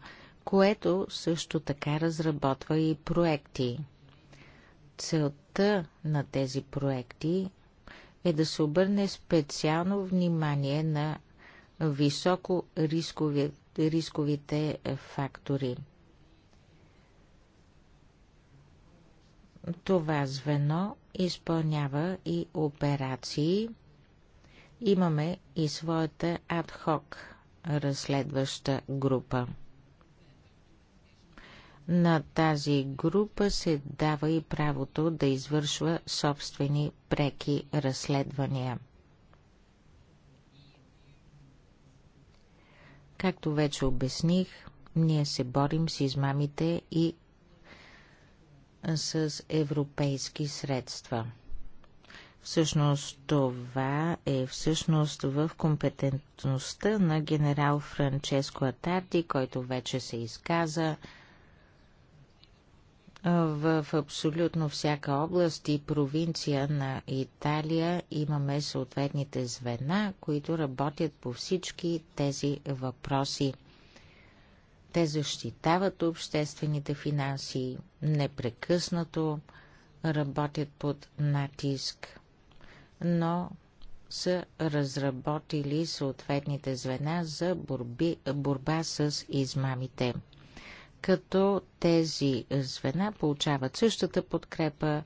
което също така разработва и проекти. Целта на тези проекти е да се обърне специално внимание на високо рискови, рисковите е, фактори. Това звено изпълнява и операции. Имаме и своята адхок разследваща група. На тази група се дава и правото да извършва собствени преки разследвания. Както вече обясних, ние се борим с измамите и с европейски средства. Всъщност това е всъщност в компетентността на генерал Франческо Атарди, който вече се изказа – в абсолютно всяка област и провинция на Италия имаме съответните звена, които работят по всички тези въпроси. Те защитават обществените финанси, непрекъснато работят под натиск, но са разработили съответните звена за борби, борба с измамите като тези звена получават същата подкрепа,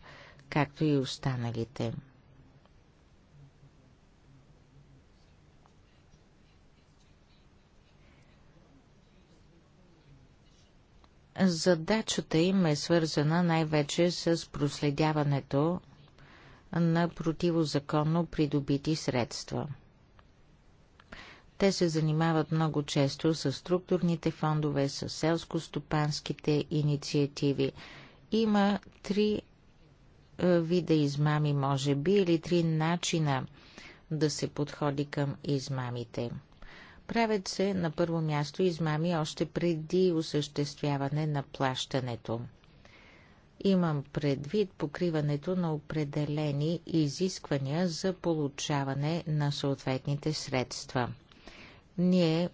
както и останалите. Задачата им е свързана най-вече с проследяването на противозаконно придобити средства – те се занимават много често с структурните фондове, с селско-стопанските инициативи. Има три е, вида измами, може би, или три начина да се подходи към измамите. Правят се на първо място измами още преди осъществяване на плащането. Имам предвид покриването на определени изисквания за получаване на съответните средства – ние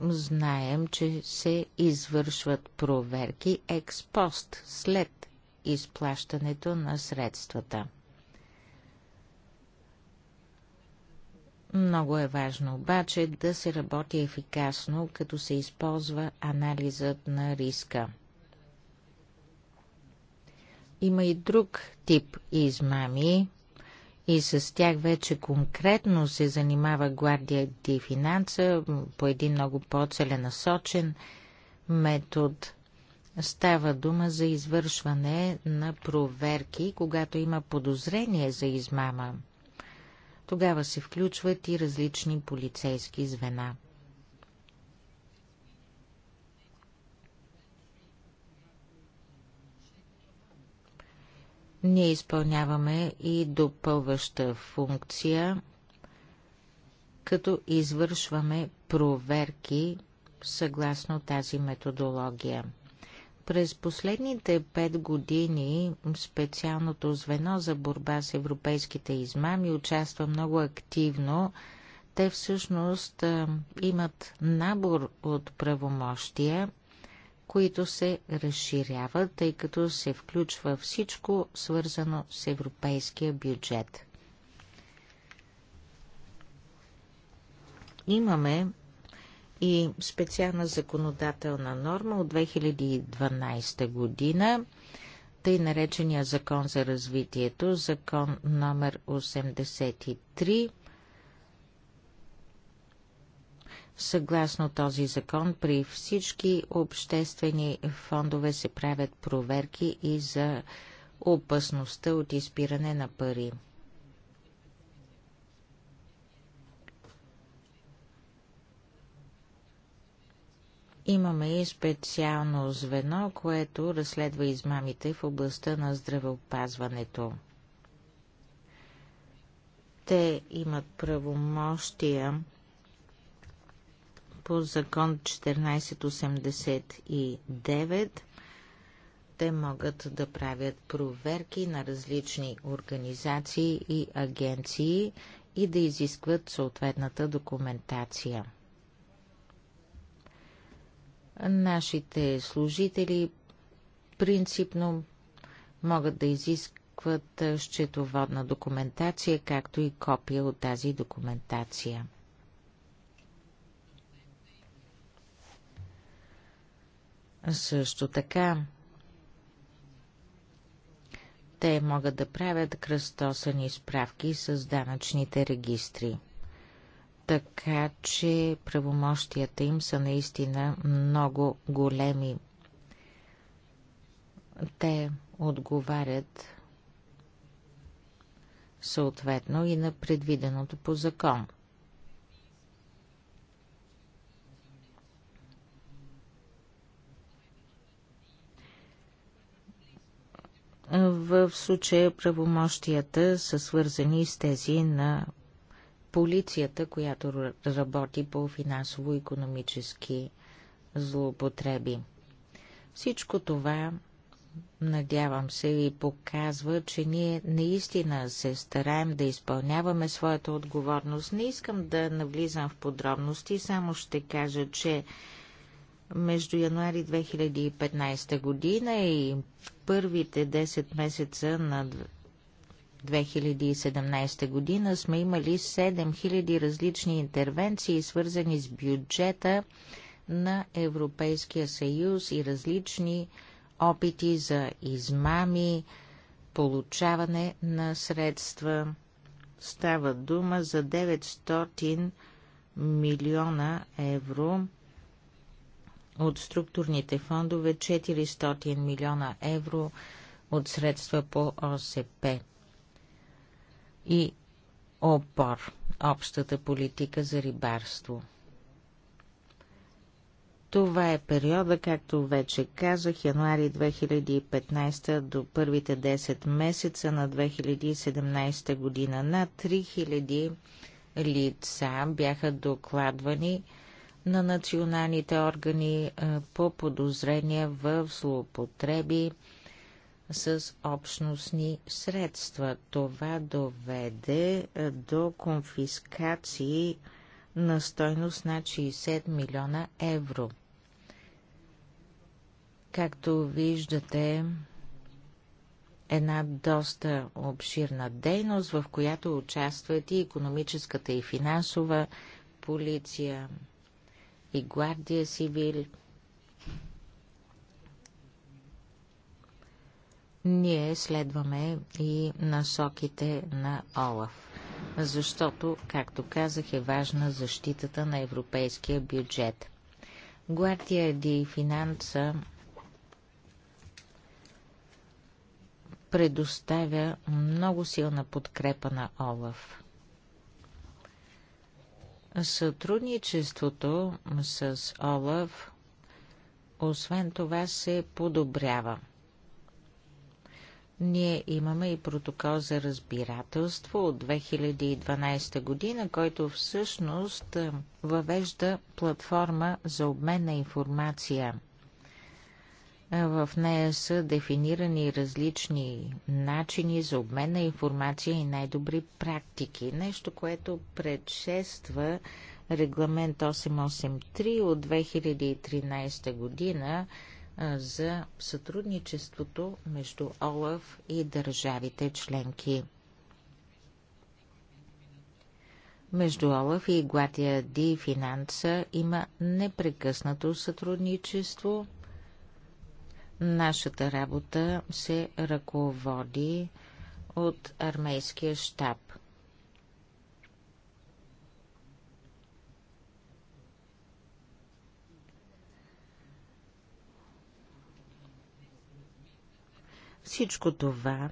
знаем, че се извършват проверки експост след изплащането на средствата. Много е важно обаче да се работи ефикасно, като се използва анализът на риска. Има и друг тип измами, и с тях вече конкретно се занимава Гвардия Ди Финанса по един много по-целенасочен метод. Става дума за извършване на проверки, когато има подозрение за измама. Тогава се включват и различни полицейски звена. Ние изпълняваме и допълваща функция, като извършваме проверки съгласно тази методология. През последните пет години специалното звено за борба с европейските измами участва много активно. Те всъщност имат набор от правомощия които се разширяват, тъй като се включва всичко свързано с европейския бюджет. Имаме и специална законодателна норма от 2012 година, тъй наречения закон за развитието, закон номер 83 Съгласно този закон при всички обществени фондове се правят проверки и за опасността от изпиране на пари. Имаме и специално звено, което разследва измамите в областта на здравеопазването. Те имат правомощия по закон 1489. Те могат да правят проверки на различни организации и агенции и да изискват съответната документация. Нашите служители принципно могат да изискват счетоводна документация, както и копия от тази документация. Също така, те могат да правят кръстосани справки с данъчните регистри. Така че правомощията им са наистина много големи. Те отговарят съответно и на предвиденото по закон. В случая правомощията са свързани с тези на полицията, която работи по финансово-економически злоупотреби. Всичко това, надявам се, ви показва, че ние наистина се стараем да изпълняваме своята отговорност. Не искам да навлизам в подробности, само ще кажа, че между януари 2015 година и първите 10 месеца на 2017 година сме имали 7000 различни интервенции, свързани с бюджета на Европейския съюз и различни опити за измами, получаване на средства. Става дума за 900 милиона евро от структурните фондове 400 милиона евро от средства по ОСП и ОПОР – Общата политика за рибарство. Това е периода, както вече казах, януари 2015 до първите 10 месеца на 2017 година. На 3000 лица бяха докладвани – на националните органи е, по подозрения в злоупотреби с общностни средства. Това доведе е, до конфискации на стойност на 60 милиона евро. Както виждате, една доста обширна дейност, в която участват и економическата и финансова полиция, и Гвардия Сивил. Ние следваме и насоките на Олаф, защото, както казах, е важна защитата на европейския бюджет. Гвардия Ди Финанса предоставя много силна подкрепа на Олаф. Сътрудничеството с Олаф, освен това, се подобрява. Ние имаме и протокол за разбирателство от 2012 година, който всъщност въвежда платформа за обмен на информация – в нея са дефинирани различни начини за обмен на информация и най-добри практики. Нещо, което предшества регламент 883 от 2013 година за сътрудничеството между ОЛАФ и държавите членки. Между ОЛАФ и Гватия Ди Финанса има непрекъснато сътрудничество – Нашата работа се ръководи от армейския штаб. Всичко това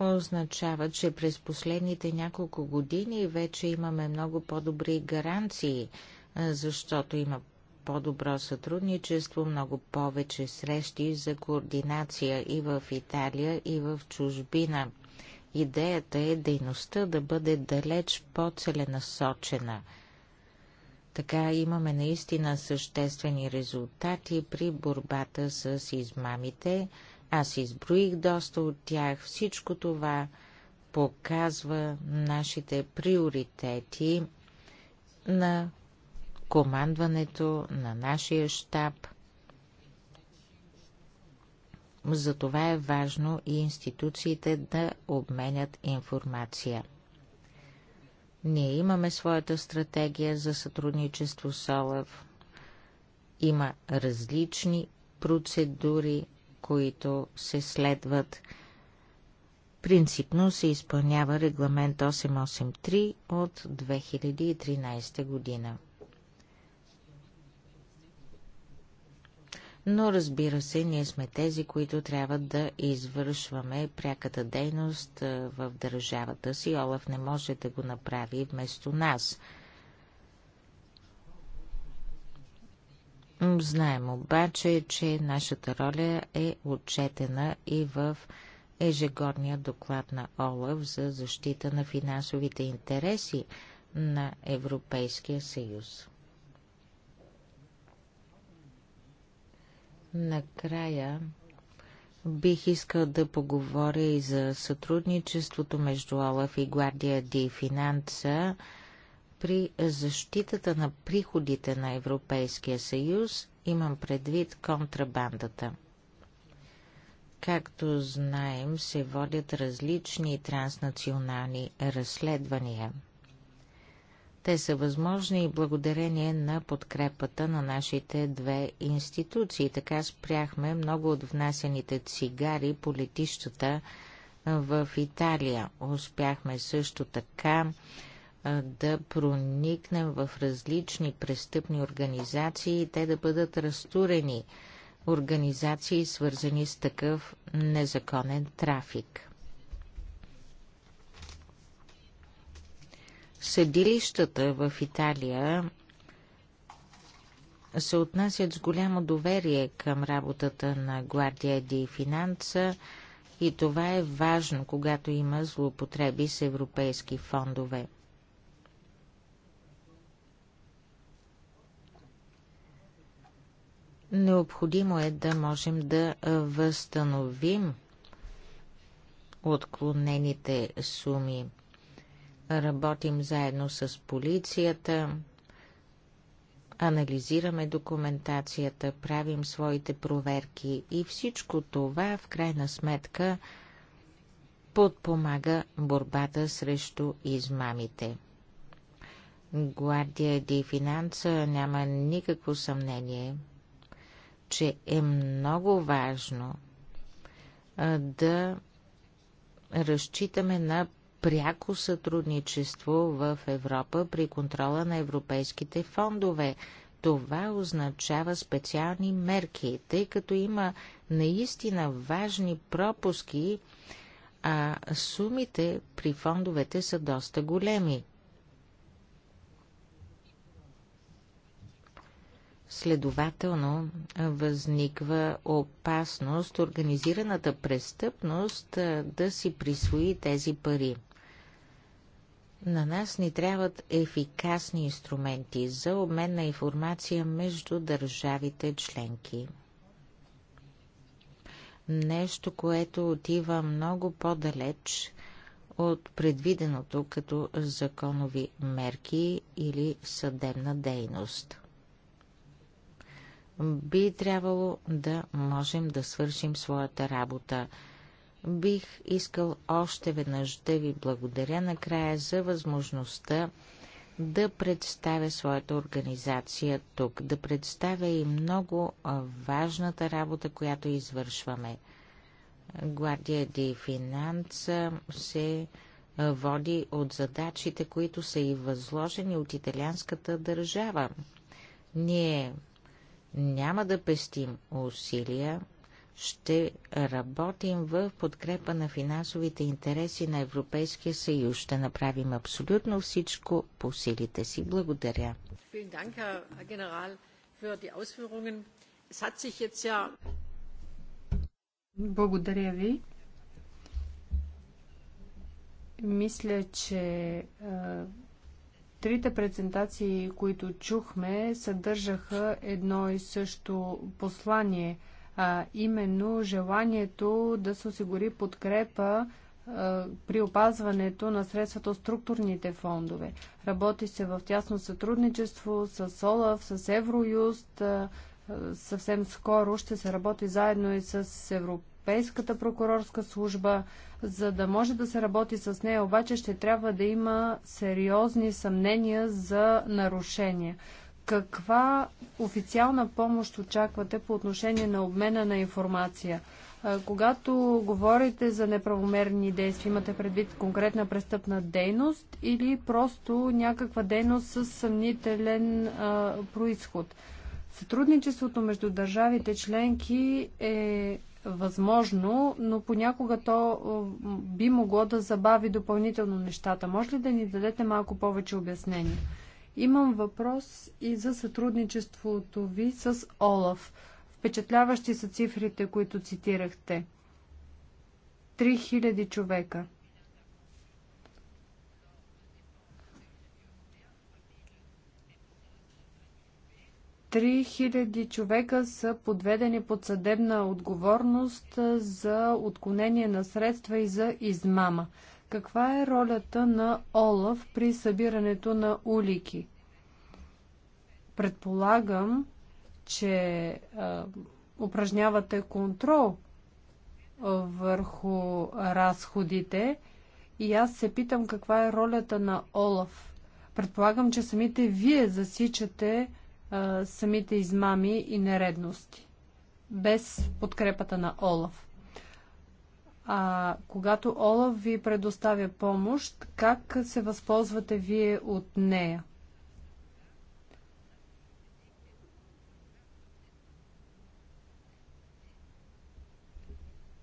означава, че през последните няколко години вече имаме много по-добри гаранции, защото има по-добро сътрудничество, много повече срещи за координация и в Италия, и в чужбина. Идеята е дейността да бъде далеч по-целенасочена. Така имаме наистина съществени резултати при борбата с измамите. Аз изброих доста от тях. Всичко това показва нашите приоритети на командването на нашия щаб. Затова е важно и институциите да обменят информация. Ние имаме своята стратегия за сътрудничество с ОЛАВ. Има различни процедури, които се следват. Принципно се изпълнява регламент 883 от 2013 година. но разбира се, ние сме тези, които трябва да извършваме пряката дейност в държавата си. Олаф не може да го направи вместо нас. Знаем обаче, че нашата роля е отчетена и в ежегодния доклад на ОЛАВ за защита на финансовите интереси на Европейския съюз. Накрая бих искал да поговоря и за сътрудничеството между ОЛАФ и Гвардия Ди Финанса при защитата на приходите на Европейския съюз, имам предвид контрабандата. Както знаем, се водят различни транснационални разследвания – те са възможни и благодарение на подкрепата на нашите две институции. Така спряхме много от внасяните цигари по летищата в Италия. Успяхме също така да проникнем в различни престъпни организации и те да бъдат разтурени. Организации, свързани с такъв незаконен трафик. Съдилищата в Италия се отнасят с голямо доверие към работата на Гвардия Ди Финанса и това е важно, когато има злоупотреби с европейски фондове. Необходимо е да можем да възстановим отклонените суми. Работим заедно с полицията, анализираме документацията, правим своите проверки и всичко това в крайна сметка подпомага борбата срещу измамите. Гвардия Ди Финанса няма никакво съмнение, че е много важно да разчитаме на пряко сътрудничество в Европа при контрола на европейските фондове. Това означава специални мерки, тъй като има наистина важни пропуски, а сумите при фондовете са доста големи. Следователно възниква опасност организираната престъпност да си присвои тези пари. На нас ни трябват ефикасни инструменти за обмен на информация между държавите членки. Нещо, което отива много по-далеч от предвиденото като законови мерки или съдебна дейност. Би трябвало да можем да свършим своята работа – Бих искал още веднъж да ви благодаря накрая за възможността да представя своята организация тук, да представя и много важната работа, която извършваме. Гвардия ди Финанса се води от задачите, които са и възложени от италианската държава. Ние няма да пестим усилия ще работим в подкрепа на финансовите интереси на Европейския съюз. Ще направим абсолютно всичко по силите си. Благодаря. Благодаря ви. Мисля, че Трите презентации, които чухме, съдържаха едно и също послание – а именно желанието да се осигури подкрепа при опазването на средствата от структурните фондове. Работи се в тясно сътрудничество с ОЛАФ, с Евроюст. Съвсем скоро ще се работи заедно и с Европейската прокурорска служба. За да може да се работи с нея, обаче ще трябва да има сериозни съмнения за нарушения каква официална помощ очаквате по отношение на обмена на информация? Когато говорите за неправомерни действия, имате предвид конкретна престъпна дейност или просто някаква дейност с съмнителен а, происход? Сътрудничеството между държавите членки е възможно, но понякога то би могло да забави допълнително нещата. Може ли да ни дадете малко повече обяснение? Имам въпрос и за сътрудничеството ви с Олаф. Впечатляващи са цифрите, които цитирахте. 3000 човека. Три хиляди човека са подведени под съдебна отговорност за отклонение на средства и за измама. Каква е ролята на Олаф при събирането на улики? Предполагам, че а, упражнявате контрол върху разходите и аз се питам каква е ролята на Олаф. Предполагам, че самите вие засичате а, самите измами и нередности без подкрепата на Олаф. А когато Олаф ви предоставя помощ, как се възползвате вие от нея?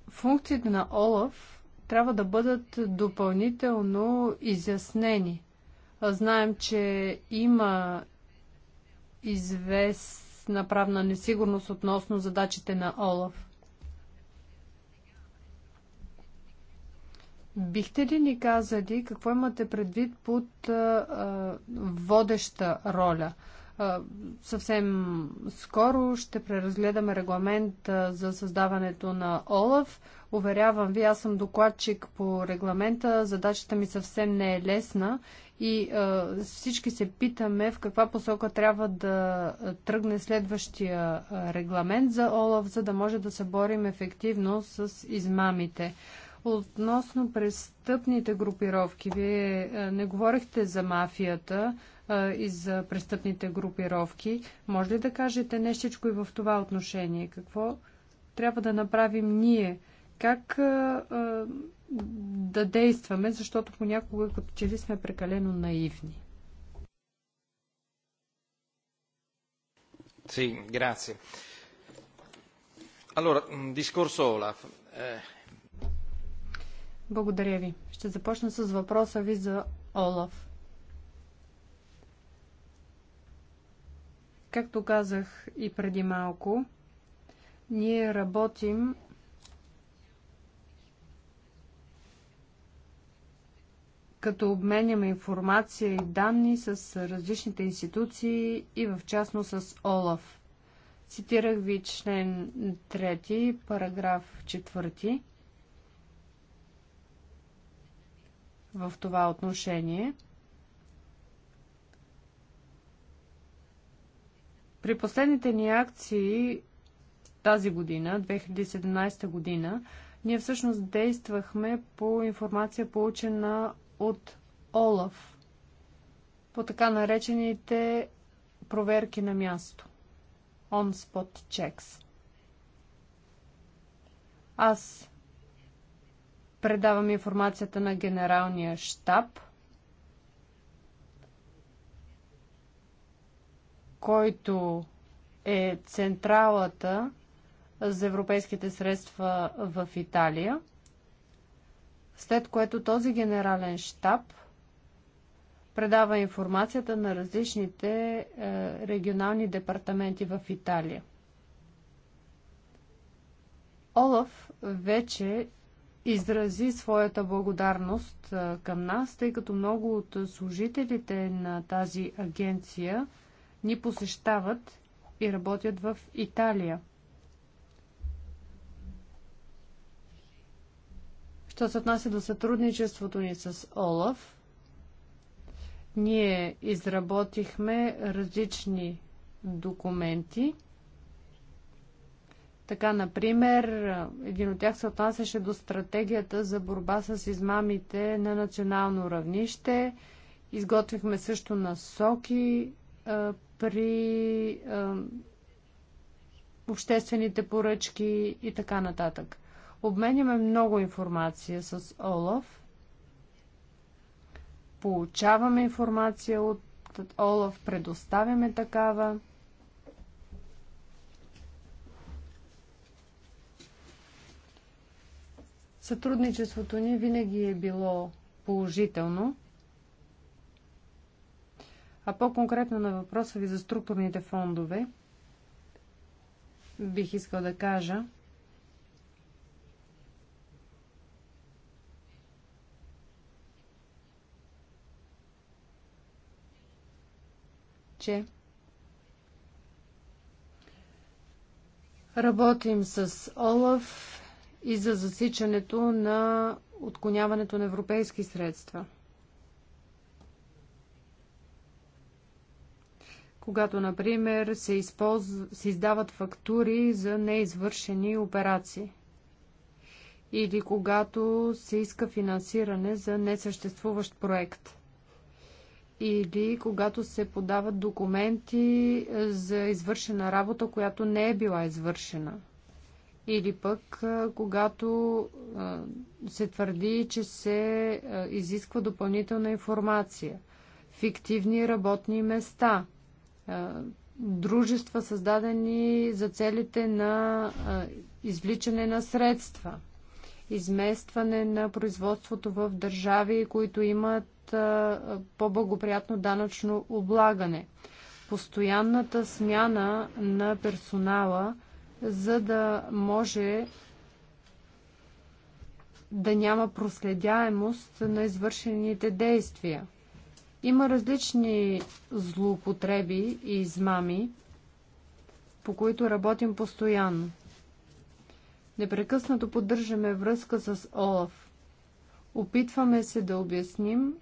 Функциите на Олаф трябва да бъдат допълнително изяснени. Знаем, че има известна правна несигурност относно задачите на Олаф. Бихте ли ни казали какво имате предвид под а, а, водеща роля? А, съвсем скоро ще преразгледаме регламент а, за създаването на ОЛАВ. Уверявам ви, аз съм докладчик по регламента. Задачата ми съвсем не е лесна и а, всички се питаме в каква посока трябва да тръгне следващия регламент за ОЛАВ, за да може да се борим ефективно с измамите. Относно престъпните групировки, вие е, не говорихте за мафията е, и за престъпните групировки. Може ли да кажете нещичко и в това отношение? Какво трябва да направим ние? Как е, да действаме, защото понякога като че ли сме прекалено наивни? Sì, grazie. Allora, discorso Olaf. Eh, благодаря ви. Ще започна с въпроса ви за Олаф. Както казах и преди малко, ние работим като обменяме информация и данни с различните институции и в частно с ОЛАФ. Цитирах ви член 3, параграф в това отношение. При последните ни акции тази година, 2017 година, ние всъщност действахме по информация получена от ОЛАФ по така наречените проверки на място. On-spot checks. Аз Предавам информацията на генералния штаб, който е централата за европейските средства в Италия, след което този генерален штаб предава информацията на различните е, регионални департаменти в Италия. Олаф вече изрази своята благодарност към нас, тъй като много от служителите на тази агенция ни посещават и работят в Италия. Що се отнася до сътрудничеството ни с ОЛАФ, ние изработихме различни документи – така, например, един от тях се отнасяше до стратегията за борба с измамите на национално равнище. Изготвихме също насоки а, при а, обществените поръчки и така нататък. Обменяме много информация с Олаф. Получаваме информация от Олаф, предоставяме такава. Сътрудничеството ни винаги е било положително. А по-конкретно на въпроса ви за структурните фондове, бих искал да кажа, че работим с Олаф и за засичането на отклоняването на европейски средства. Когато, например, се, използ... се издават фактури за неизвършени операции или когато се иска финансиране за несъществуващ проект или когато се подават документи е, за извършена работа, която не е била извършена – или пък когато се твърди, че се изисква допълнителна информация, фиктивни работни места, дружества създадени за целите на извличане на средства, изместване на производството в държави, които имат по-благоприятно данъчно облагане, постоянната смяна на персонала – за да може да няма проследяемост на извършените действия. Има различни злоупотреби и измами, по които работим постоянно. Непрекъснато поддържаме връзка с Олаф. Опитваме се да обясним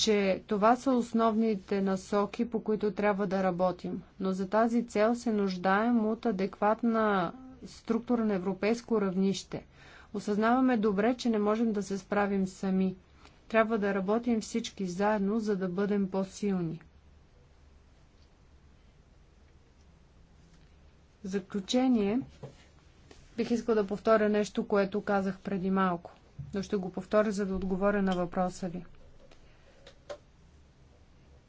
че това са основните насоки, по които трябва да работим. Но за тази цел се нуждаем от адекватна структура на европейско равнище. Осъзнаваме добре, че не можем да се справим сами. Трябва да работим всички заедно, за да бъдем по-силни. В заключение, бих искал да повторя нещо, което казах преди малко, но ще го повторя, за да отговоря на въпроса ви.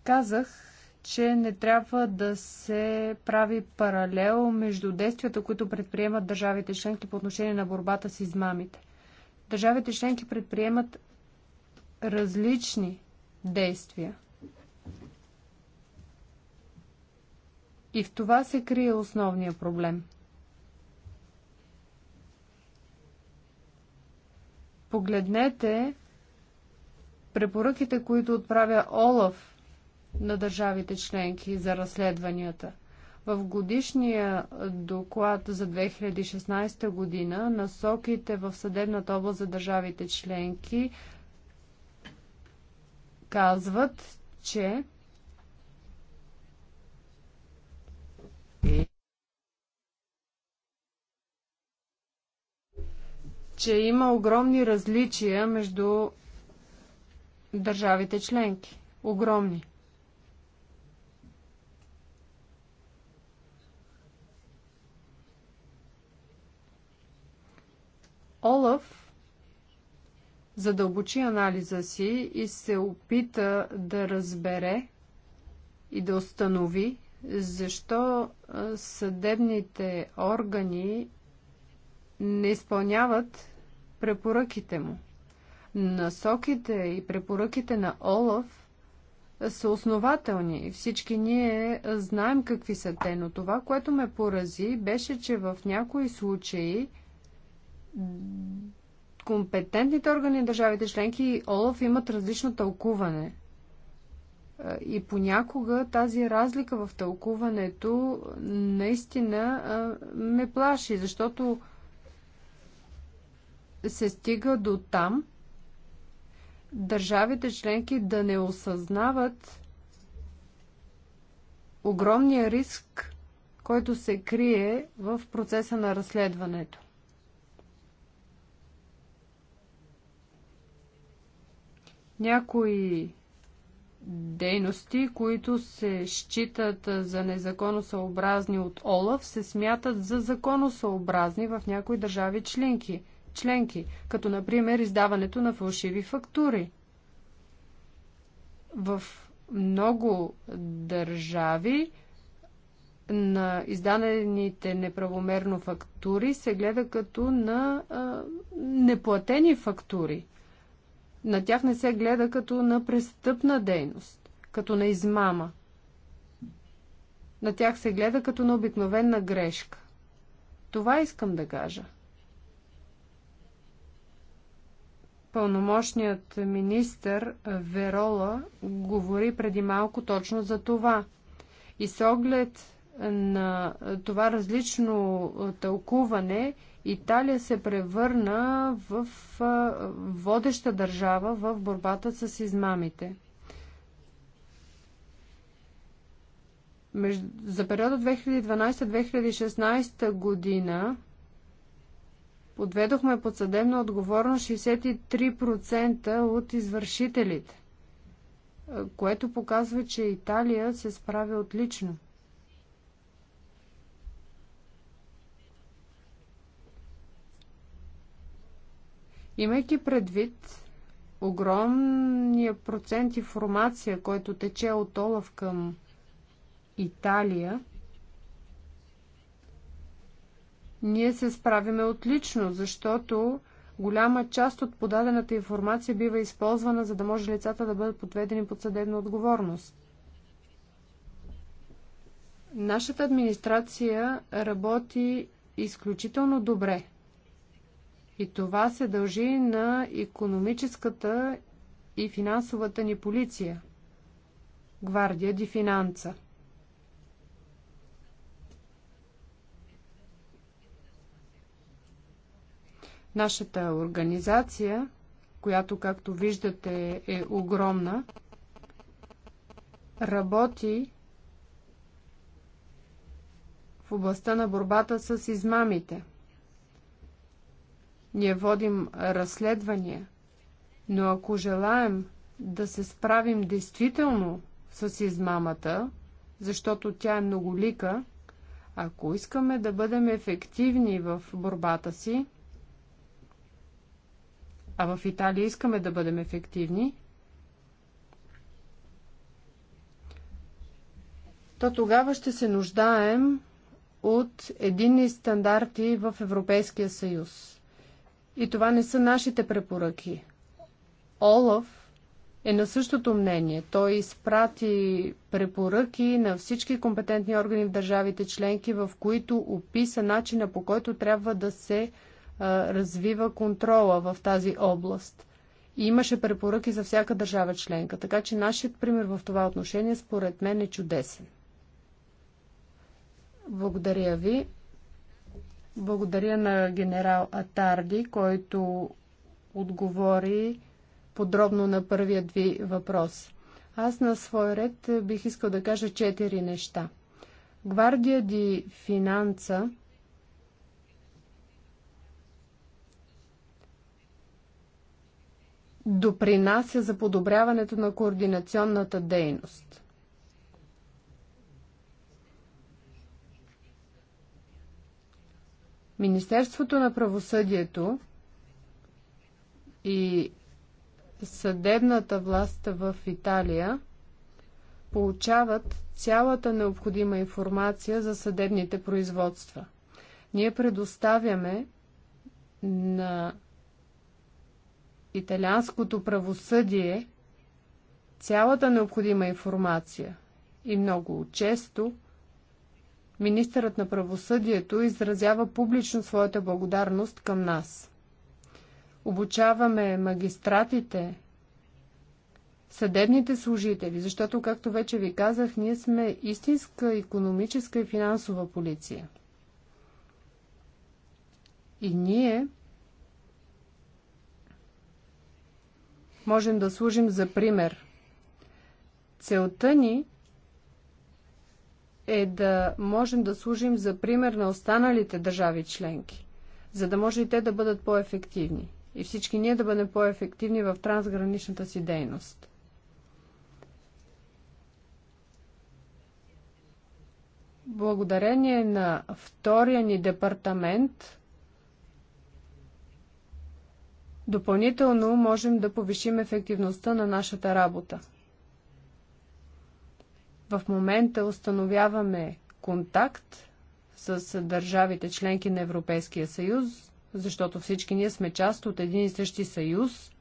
Казах, че не трябва да се прави паралел между действията, които предприемат държавите членки по отношение на борбата с измамите. Държавите членки предприемат различни действия. И в това се крие основния проблем. Погледнете препоръките, които отправя Олаф на държавите членки за разследванията. В годишния доклад за 2016 година насоките в съдебната област за държавите членки казват, че че има огромни различия между държавите членки. Огромни. Олаф задълбочи анализа си и се опита да разбере и да установи защо съдебните органи не изпълняват препоръките му. Насоките и препоръките на Олаф са основателни. Всички ние знаем какви са те, но това, което ме порази, беше, че в някои случаи компетентните органи на държавите членки и ОЛАФ имат различно тълкуване. Е, и понякога тази разлика в тълкуването наистина е, ме плаши, защото се стига до там държавите членки да не осъзнават огромния риск, който се крие в процеса на разследването. Някои дейности, които се считат за незаконосъобразни от ОЛАФ, се смятат за законосъобразни в някои държави членки, членки като например издаването на фалшиви фактури. В много държави на издадените неправомерно фактури се гледа като на а, неплатени фактури на тях не се гледа като на престъпна дейност, като на измама. На тях се гледа като на обикновена грешка. Това искам да кажа. Пълномощният министър Верола говори преди малко точно за това. И с оглед на това различно тълкуване, Италия се превърна в водеща държава в борбата с измамите. За периода 2012-2016 година подведохме под съдебна отговорност 63% от извършителите, което показва, че Италия се справя отлично – Имайки предвид огромния процент информация, който тече от Олаф към Италия, ние се справиме отлично, защото голяма част от подадената информация бива използвана, за да може лицата да бъдат подведени под съдебна отговорност. Нашата администрация работи изключително добре. И това се дължи на економическата и финансовата ни полиция. Гвардия ди финанса. Нашата организация, която, както виждате, е огромна, работи в областта на борбата с измамите – ние водим разследвания, но ако желаем да се справим действително с измамата, защото тя е многолика, ако искаме да бъдем ефективни в борбата си, а в Италия искаме да бъдем ефективни, то тогава ще се нуждаем от единни стандарти в Европейския съюз. И това не са нашите препоръки. Олаф е на същото мнение. Той изпрати препоръки на всички компетентни органи в държавите членки, в които описа начина по който трябва да се а, развива контрола в тази област. И имаше препоръки за всяка държава членка. Така че нашият пример в това отношение, според мен, е чудесен. Благодаря ви. Благодаря на генерал Атарди, който отговори подробно на първият ви въпрос. Аз на свой ред бих искал да кажа четири неща. Гвардия ди финанса допринася за подобряването на координационната дейност. Министерството на правосъдието и съдебната власт в Италия получават цялата необходима информация за съдебните производства. Ние предоставяме на италианското правосъдие цялата необходима информация и много често – Министърът на правосъдието изразява публично своята благодарност към нас. Обучаваме магистратите, съдебните служители, защото, както вече ви казах, ние сме истинска економическа и финансова полиция. И ние можем да служим за пример. Целта ни е да можем да служим за пример на останалите държави членки, за да може и те да бъдат по-ефективни и всички ние да бъдем по-ефективни в трансграничната си дейност. Благодарение на втория ни департамент, допълнително можем да повишим ефективността на нашата работа. В момента установяваме контакт с държавите членки на Европейския съюз, защото всички ние сме част от един и същи съюз,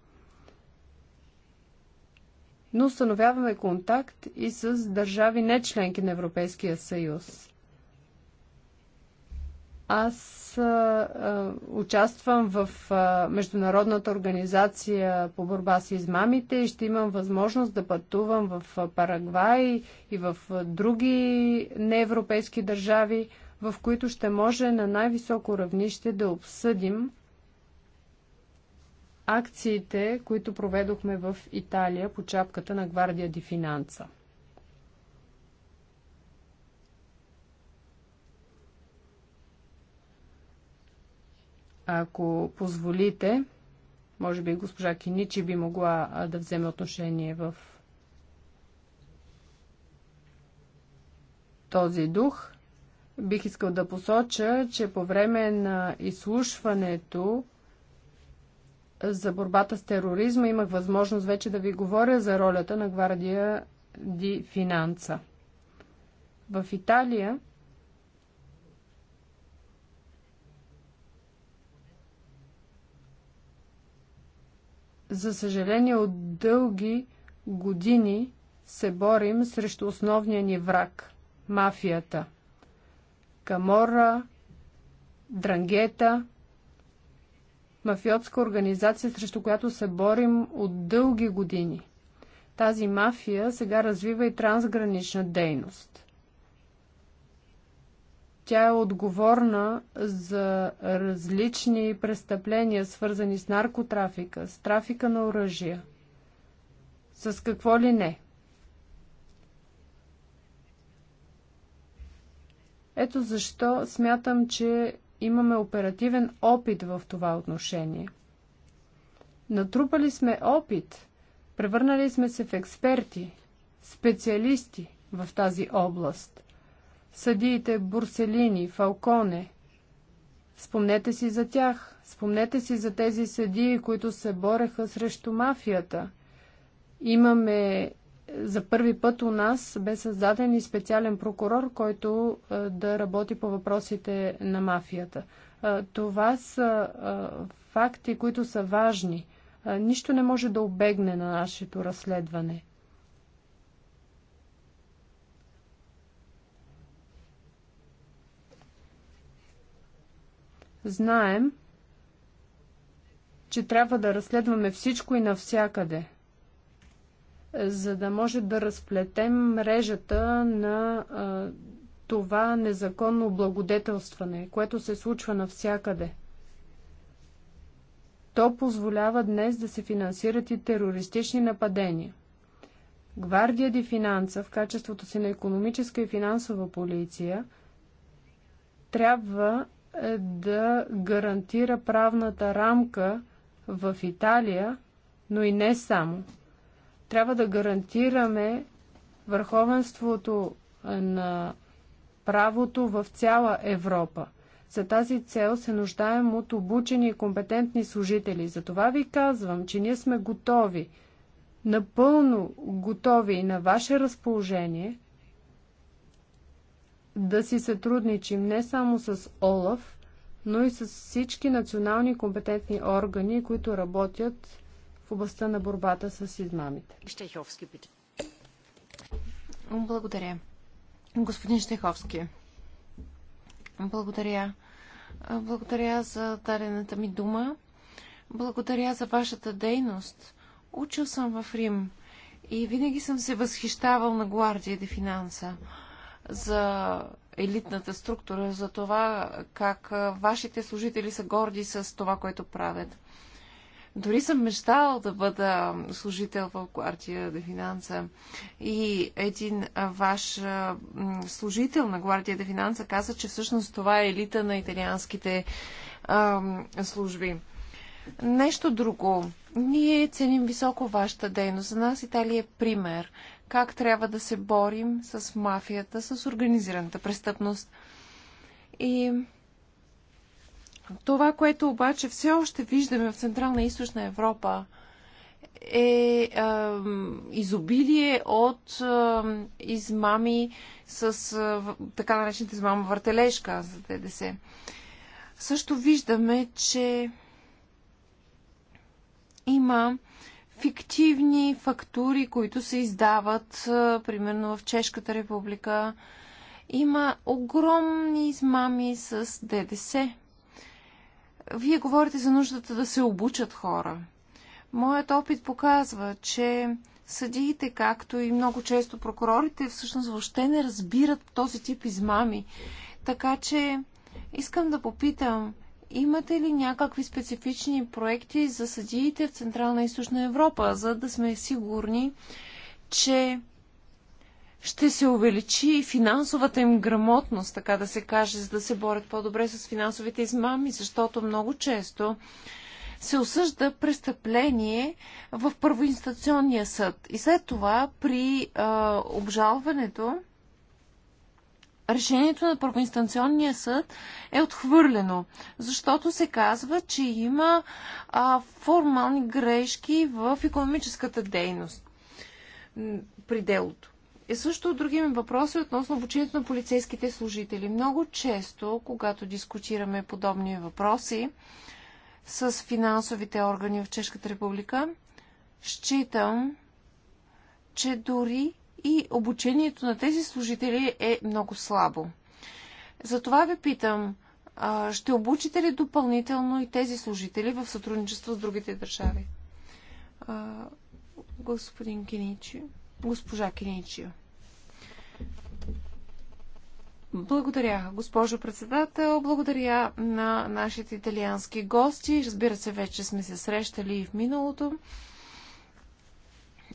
но установяваме контакт и с държави не членки на Европейския съюз. Аз а, участвам в а, Международната организация по борба с измамите и ще имам възможност да пътувам в Парагвай и в други неевропейски държави, в които ще може на най-високо равнище да обсъдим акциите, които проведохме в Италия по чапката на Гвардия Дифинанца. Ако позволите, може би госпожа Киничи би могла да вземе отношение в този дух. Бих искал да посоча, че по време на изслушването за борбата с тероризма имах възможност вече да ви говоря за ролята на гвардия Ди Финанца. В Италия За съжаление, от дълги години се борим срещу основния ни враг – мафията. Камора, Дрангета, мафиотска организация, срещу която се борим от дълги години. Тази мафия сега развива и трансгранична дейност. Тя е отговорна за различни престъпления, свързани с наркотрафика, с трафика на оръжия, с какво ли не. Ето защо смятам, че имаме оперативен опит в това отношение. Натрупали сме опит, превърнали сме се в експерти, специалисти в тази област – съдиите Бурселини, Фалконе. Спомнете си за тях. Спомнете си за тези съдии, които се бореха срещу мафията. Имаме за първи път у нас бе създаден и специален прокурор, който е, да работи по въпросите на мафията. Е, това са е, факти, които са важни. Нищо не може да обегне на нашето разследване. знаем, че трябва да разследваме всичко и навсякъде, за да може да разплетем мрежата на а, това незаконно благодетелстване, което се случва навсякъде. То позволява днес да се финансират и терористични нападения. Гвардия ди Финанса, в качеството си на економическа и финансова полиция, трябва е да гарантира правната рамка в Италия, но и не само. Трябва да гарантираме върховенството на правото в цяла Европа. За тази цел се нуждаем от обучени и компетентни служители. Затова ви казвам, че ние сме готови, напълно готови и на ваше разположение – да си сътрудничим не само с ОЛАФ, но и с всички национални компетентни органи, които работят в областта на борбата с измамите. Благодаря. Господин Штеховски, благодаря. Благодаря за дадената ми дума. Благодаря за вашата дейност. Учил съм в Рим и винаги съм се възхищавал на Гвардия де Финанса за елитната структура, за това как вашите служители са горди с това, което правят. Дори съм мечтал да бъда служител в Гвардия де Финанса. И един ваш служител на Гвардия де Финанса каза, че всъщност това е елита на италианските служби. Нещо друго. Ние ценим високо вашата дейност. За нас Италия е пример как трябва да се борим с мафията, с организираната престъпност. И това, което обаче все още виждаме в Централна и Източна Европа, е, е изобилие от е, измами с е, така наречените измама въртележка за ДДС. Също виждаме, че има фиктивни фактури, които се издават, примерно в Чешката република. Има огромни измами с ДДС. Вие говорите за нуждата да се обучат хора. Моят опит показва, че съдиите, както и много често прокурорите, всъщност въобще не разбират този тип измами. Така че искам да попитам, имате ли някакви специфични проекти за съдиите в Централна и Източна Европа, за да сме сигурни, че ще се увеличи финансовата им грамотност, така да се каже, за да се борят по-добре с финансовите измами, защото много често се осъжда престъпление в първоинстанционния съд. И след това при а, обжалването решението на първоинстанционния съд е отхвърлено, защото се казва, че има а, формални грешки в економическата дейност при делото. И също други ми въпроси относно обучението на полицейските служители. Много често, когато дискутираме подобни въпроси с финансовите органи в Чешката република, считам, че дори и обучението на тези служители е много слабо. Затова ви питам, ще обучите ли допълнително и тези служители в сътрудничество с другите държави? Господин Киничи, госпожа Киничи. Благодаря, госпожо председател. Благодаря на нашите италиански гости. Разбира се, вече сме се срещали и в миналото.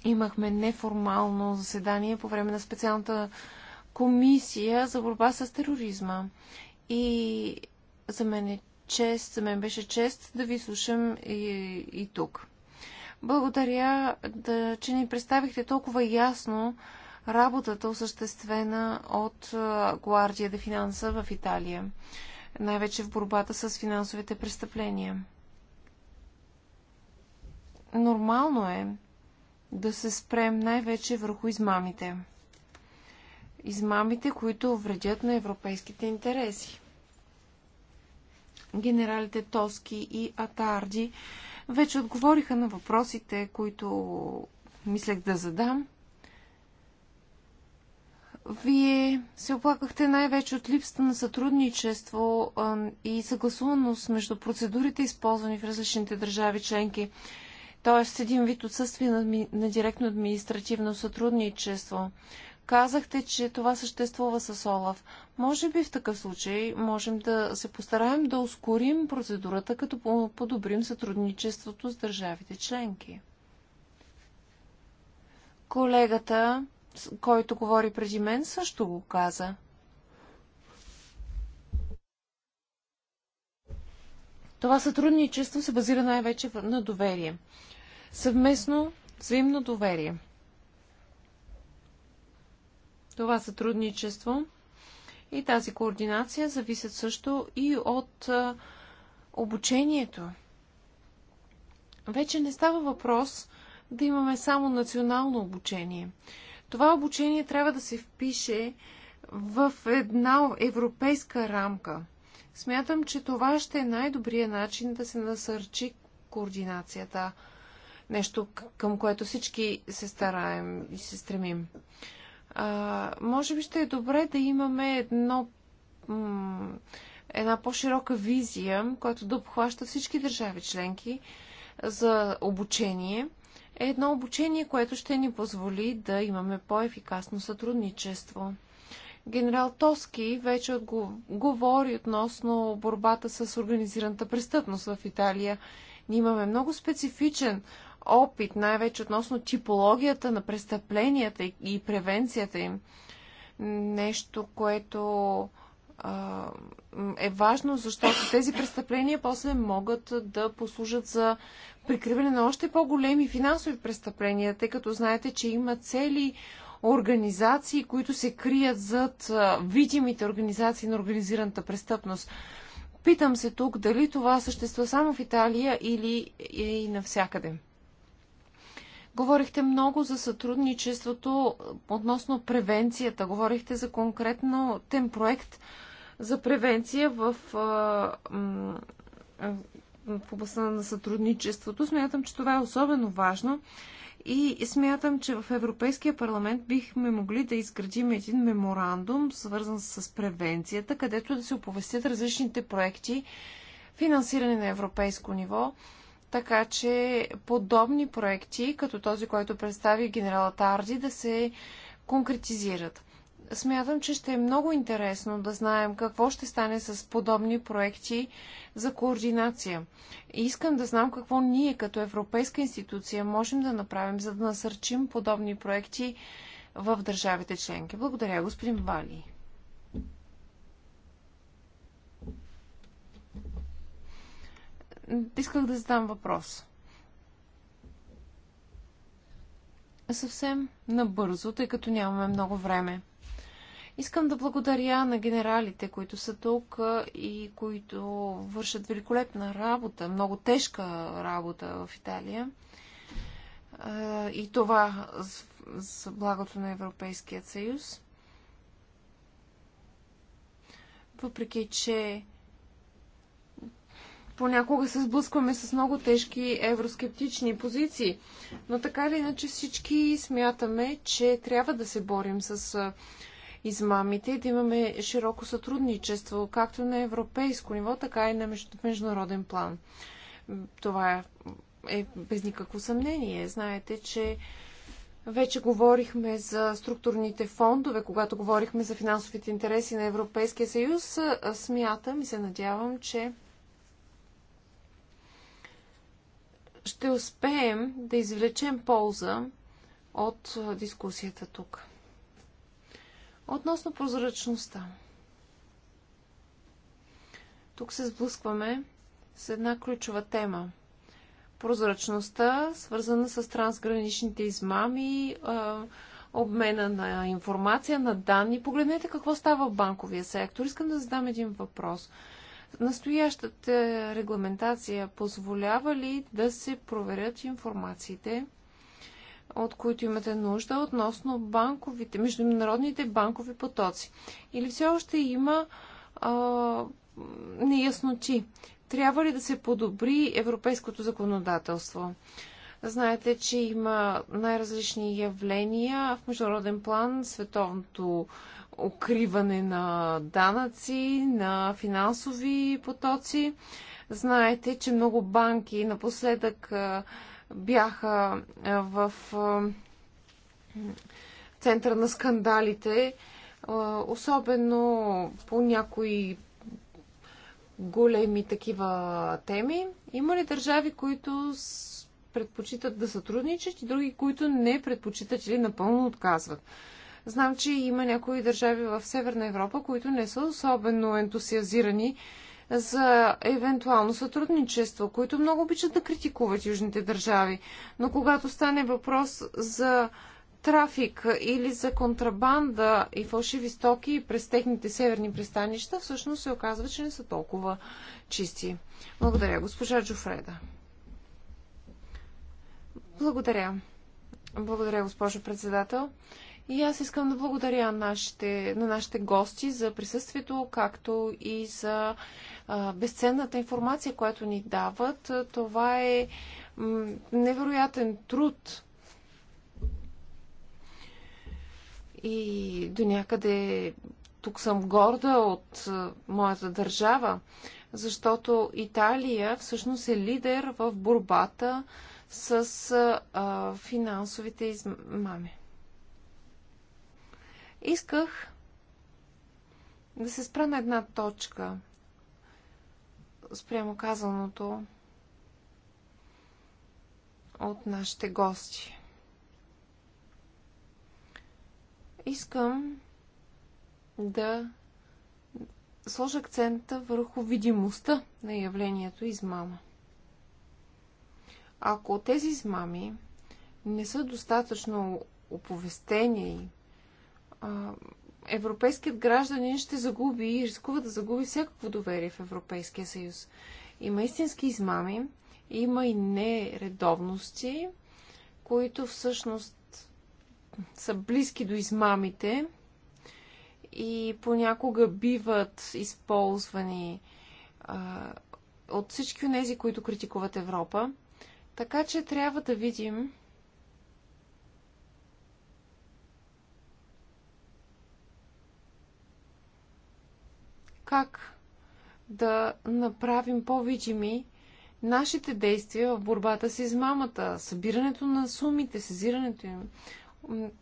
Имахме неформално заседание по време на специалната комисия за борба с тероризма. И за мен е чест, за мен беше чест да ви слушам и, и тук. Благодаря, да, че ни представихте толкова ясно работата, осъществена от Гвардия де Финанса в Италия, най-вече в борбата с финансовите престъпления. Нормално е да се спрем най-вече върху измамите. Измамите, които вредят на европейските интереси. Генералите Тоски и Атарди вече отговориха на въпросите, които мислех да задам. Вие се оплакахте най-вече от липсата на сътрудничество и съгласуваност между процедурите, използвани в различните държави членки. Т.е. един вид отсъствие на, на директно административно сътрудничество. Казахте, че това съществува с Олаф. Може би в такъв случай можем да се постараем да ускорим процедурата, като подобрим сътрудничеството с държавите членки. Колегата, който говори преди мен, също го каза. Това сътрудничество се базира най-вече на доверие. Съвместно взаимно доверие. Това сътрудничество и тази координация зависят също и от обучението. Вече не става въпрос да имаме само национално обучение. Това обучение трябва да се впише в една европейска рамка. Смятам, че това ще е най-добрият начин да се насърчи координацията. Нещо към което всички се стараем и се стремим. А, може би ще е добре да имаме едно, една по-широка визия, която да обхваща всички държави членки за обучение. Е едно обучение, което ще ни позволи да имаме по-ефикасно сътрудничество. Генерал Тоски вече говори относно борбата с организираната престъпност в Италия. Ние имаме много специфичен опит, най-вече относно типологията на престъпленията и превенцията им. Нещо, което а, е важно, защото тези престъпления после могат да послужат за прикриване на още по-големи финансови престъпления, тъй като знаете, че има цели организации, които се крият зад видимите организации на организираната престъпност. Питам се тук дали това съществува само в Италия или е и навсякъде. Говорихте много за сътрудничеството относно превенцията. Говорихте за конкретно тем проект за превенция в, в областта на сътрудничеството. Смятам, че това е особено важно и смятам, че в Европейския парламент бихме могли да изградим един меморандум, свързан с превенцията, където да се оповестят различните проекти, финансиране на европейско ниво, така че подобни проекти, като този, който представи генералът Арди, да се конкретизират. Смятам, че ще е много интересно да знаем какво ще стане с подобни проекти за координация. И искам да знам какво ние като европейска институция можем да направим, за да насърчим подобни проекти в държавите членки. Благодаря, господин Вали. исках да задам въпрос. Съвсем набързо, тъй като нямаме много време. Искам да благодаря на генералите, които са тук и които вършат великолепна работа, много тежка работа в Италия. И това за благото на Европейския съюз. Въпреки, че понякога се сблъскваме с много тежки евроскептични позиции. Но така или иначе всички смятаме, че трябва да се борим с измамите и да имаме широко сътрудничество, както на европейско ниво, така и на международен план. Това е без никакво съмнение. Знаете, че вече говорихме за структурните фондове, когато говорихме за финансовите интереси на Европейския съюз. Смятам и се надявам, че ще успеем да извлечем полза от дискусията тук. Относно прозрачността. Тук се сблъскваме с една ключова тема. Прозрачността, свързана с трансграничните измами, обмена на информация, на данни. Погледнете какво става в банковия сектор. Искам да задам един въпрос. Настоящата регламентация позволява ли да се проверят информациите, от които имате нужда относно банковите, международните банкови потоци? Или все още има а, неясноти? Трябва ли да се подобри европейското законодателство? Знаете, че има най-различни явления в международен план, световното укриване на данъци, на финансови потоци. Знаете, че много банки напоследък бяха в центъра на скандалите, особено по някои големи такива теми. Има ли държави, които предпочитат да сътрудничат и други, които не предпочитат или напълно отказват? Знам, че има някои държави в Северна Европа, които не са особено ентусиазирани за евентуално сътрудничество, които много обичат да критикуват южните държави. Но когато стане въпрос за трафик или за контрабанда и фалшиви стоки през техните северни пристанища, всъщност се оказва, че не са толкова чисти. Благодаря, госпожа Джофреда. Благодаря. Благодаря, госпожо председател. И аз искам да благодаря нашите, на нашите гости за присъствието, както и за а, безценната информация, която ни дават. Това е невероятен труд. И до някъде тук съм горда от моята държава, защото Италия всъщност е лидер в борбата с а, финансовите измами. Исках да се спра на една точка спрямо казаното от нашите гости. Искам да сложа акцента върху видимостта на явлението измама. Ако тези измами не са достатъчно оповестени европейският гражданин ще загуби и рискува да загуби всякакво доверие в Европейския съюз. Има истински измами, има и нередовности, които всъщност са близки до измамите и понякога биват използвани а, от всички от тези, които критикуват Европа. Така че трябва да видим как да направим по-видими нашите действия в борбата с измамата, събирането на сумите, сезирането им.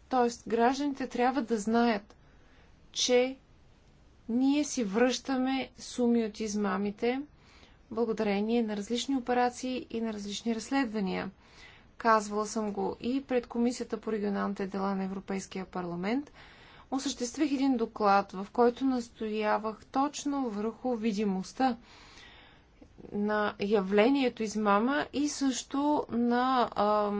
Тоест, гражданите трябва да знаят, че ние си връщаме суми от измамите благодарение на различни операции и на различни разследвания. Казвала съм го и пред Комисията по регионалните дела на Европейския парламент – осъществих един доклад, в който настоявах точно върху видимостта на явлението измама и също на а,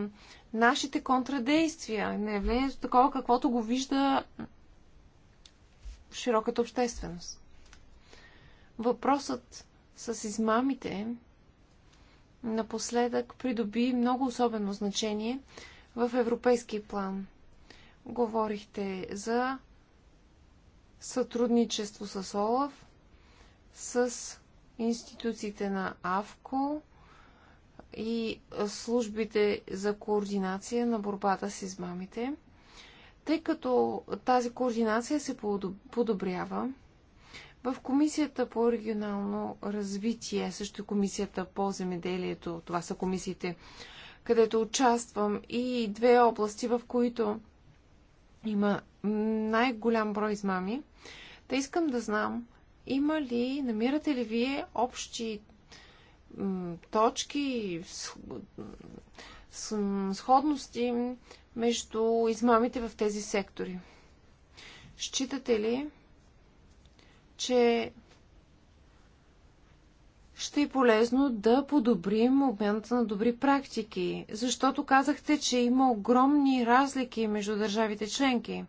нашите контрадействия, на явлението такова, каквото го вижда широката общественост. Въпросът с измамите напоследък придоби много особено значение в европейски план. Говорихте за сътрудничество с ОЛАФ, с институциите на АВКО и службите за координация на борбата с измамите. Тъй като тази координация се подобрява, в Комисията по регионално развитие, също Комисията по земеделието, това са комисиите, където участвам и две области, в които има най-голям брой измами. да искам да знам, има ли, намирате ли вие общи точки, сходности между измамите в тези сектори? Считате ли, че ще е полезно да подобрим обмената на добри практики, защото казахте, че има огромни разлики между държавите членки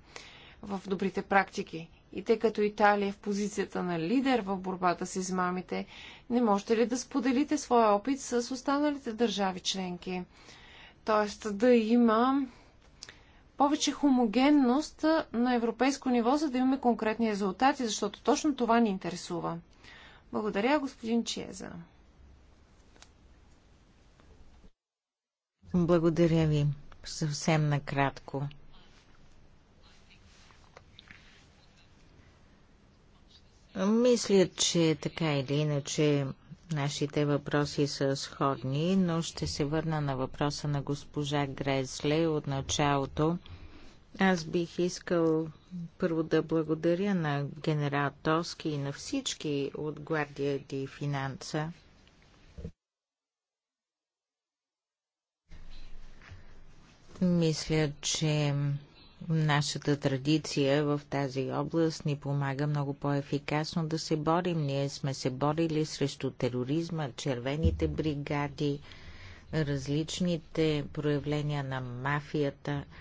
в добрите практики. И тъй като Италия е в позицията на лидер в борбата с измамите, не можете ли да споделите своя опит с останалите държави членки? Тоест да има повече хомогенност на европейско ниво, за да имаме конкретни резултати, защото точно това ни интересува. Благодаря, господин Чеза. Благодаря ви. Съвсем накратко. Мисля, че така или иначе нашите въпроси са сходни, но ще се върна на въпроса на госпожа Гресле от началото. Аз бих искал първо да благодаря на генерал Тоски и на всички от Гвардия ди Финанса. Мисля, че нашата традиция в тази област ни помага много по-ефикасно да се борим. Ние сме се борили срещу тероризма, червените бригади, различните проявления на мафията –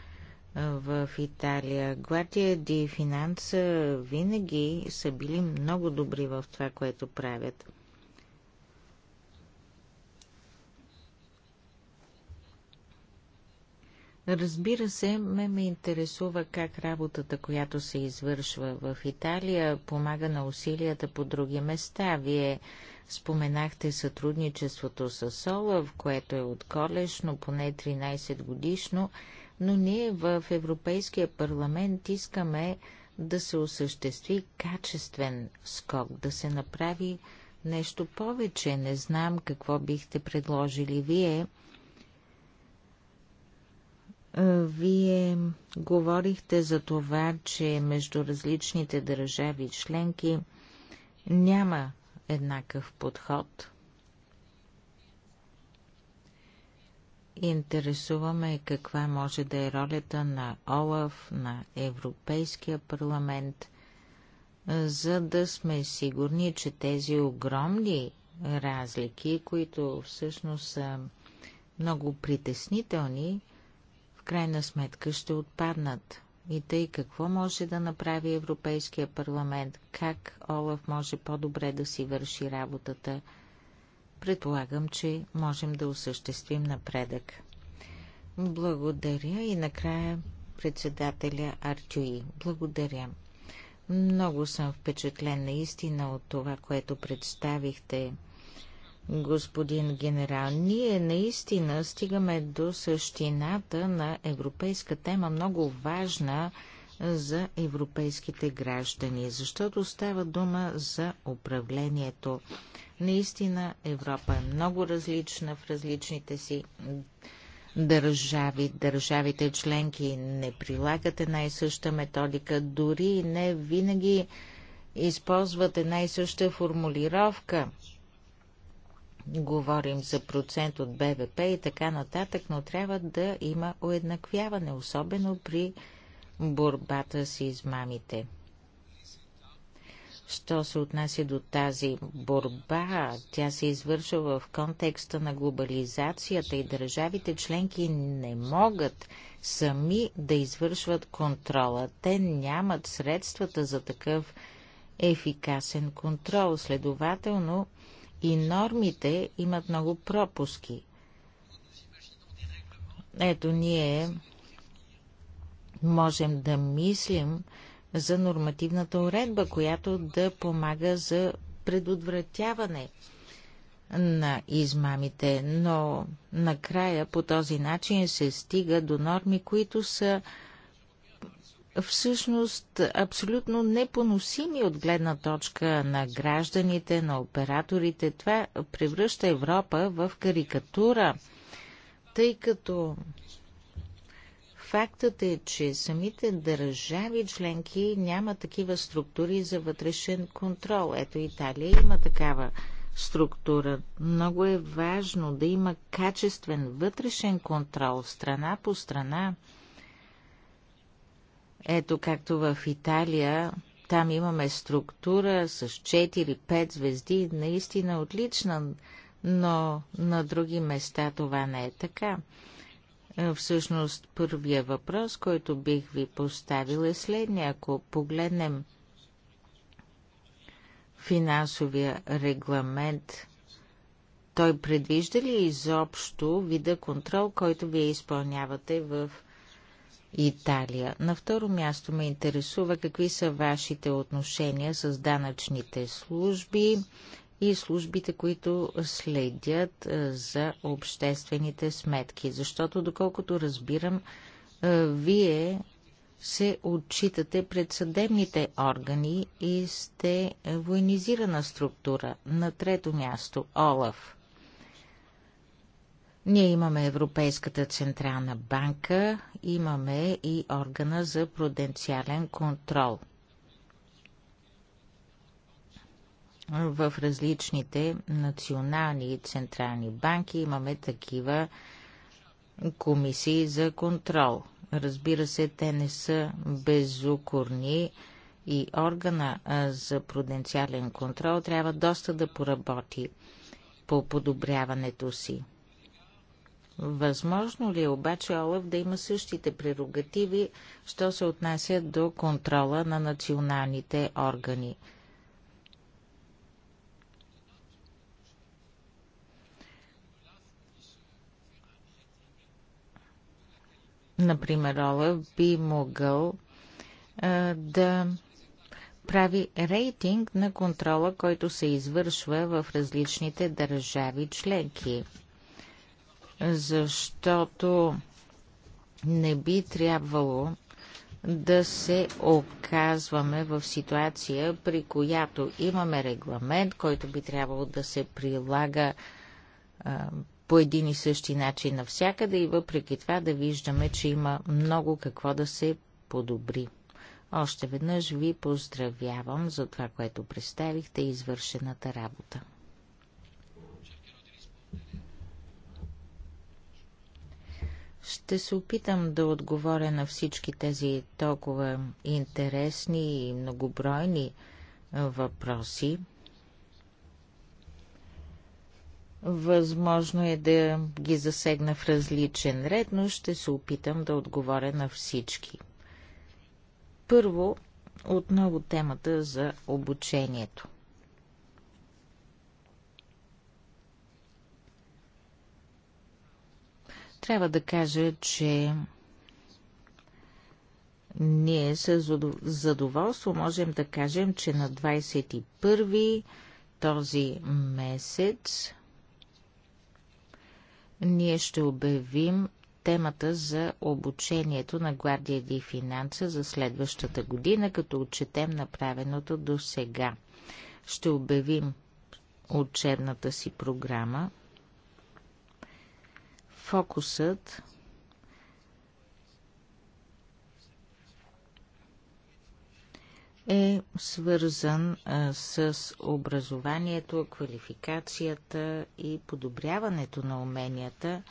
в Италия. Гвардия Ди Финанса винаги са били много добри в това, което правят. Разбира се, ме ме интересува как работата, която се извършва в Италия, помага на усилията по други места. Вие споменахте сътрудничеството с Олаф, което е от колешно, но поне 13 годишно но ние в Европейския парламент искаме да се осъществи качествен скок, да се направи нещо повече. Не знам какво бихте предложили вие. Е, вие говорихте за това, че между различните държави членки няма еднакъв подход – интересуваме е каква може да е ролята на ОЛАФ, на Европейския парламент, за да сме сигурни, че тези огромни разлики, които всъщност са много притеснителни, в крайна сметка ще отпаднат. И тъй какво може да направи Европейския парламент, как Олаф може по-добре да си върши работата – предполагам, че можем да осъществим напредък. Благодаря и накрая председателя Артюи. Благодаря. Много съм впечатлен наистина от това, което представихте, господин генерал. Ние наистина стигаме до същината на европейска тема, много важна за европейските граждани, защото става дума за управлението Наистина Европа е много различна в различните си държави. Държавите членки не прилагат една и съща методика, дори не винаги използват една и съща формулировка. Говорим за процент от БВП и така нататък, но трябва да има уеднаквяване, особено при борбата с измамите. Що се отнася до тази борба, тя се извършва в контекста на глобализацията и държавите членки не могат сами да извършват контрола. Те нямат средствата за такъв ефикасен контрол. Следователно и нормите имат много пропуски. Ето ние можем да мислим, за нормативната уредба, която да помага за предотвратяване на измамите, но накрая по този начин се стига до норми, които са всъщност абсолютно непоносими от гледна точка на гражданите, на операторите. Това превръща Европа в карикатура, тъй като Фактът е, че самите държави членки няма такива структури за вътрешен контрол. Ето Италия има такава структура. Много е важно да има качествен вътрешен контрол страна по страна. Ето както в Италия, там имаме структура с 4-5 звезди, наистина отлична, но на други места това не е така. Е, всъщност, първия въпрос, който бих ви поставил е следния. Ако погледнем финансовия регламент, той предвижда ли изобщо вида контрол, който вие изпълнявате в Италия? На второ място ме интересува какви са вашите отношения с данъчните служби и службите, които следят за обществените сметки. Защото, доколкото разбирам, вие се отчитате пред съдебните органи и сте военизирана структура. На трето място – ОЛАФ. Ние имаме Европейската централна банка, имаме и органа за пруденциален контрол – в различните национални и централни банки имаме такива комисии за контрол. Разбира се, те не са безукорни и органа за пруденциален контрол трябва доста да поработи по подобряването си. Възможно ли е обаче Олаф да има същите прерогативи, що се отнася до контрола на националните органи? например, Олаф би могъл а, да прави рейтинг на контрола, който се извършва в различните държави членки. Защото не би трябвало да се оказваме в ситуация, при която имаме регламент, който би трябвало да се прилага по един и същи начин навсякъде и въпреки това да виждаме, че има много какво да се подобри. Още веднъж ви поздравявам за това, което представихте и извършената работа. Ще се опитам да отговоря на всички тези толкова интересни и многобройни въпроси. Възможно е да ги засегна в различен ред, но ще се опитам да отговоря на всички. Първо, отново темата за обучението. Трябва да кажа, че ние с задоволство можем да кажем, че на 21 този месец ние ще обявим темата за обучението на Гвардия Ди Финанса за следващата година, като отчетем направеното до сега. Ще обявим учебната си програма. Фокусът е свързан с образованието, квалификацията и подобряването на уменията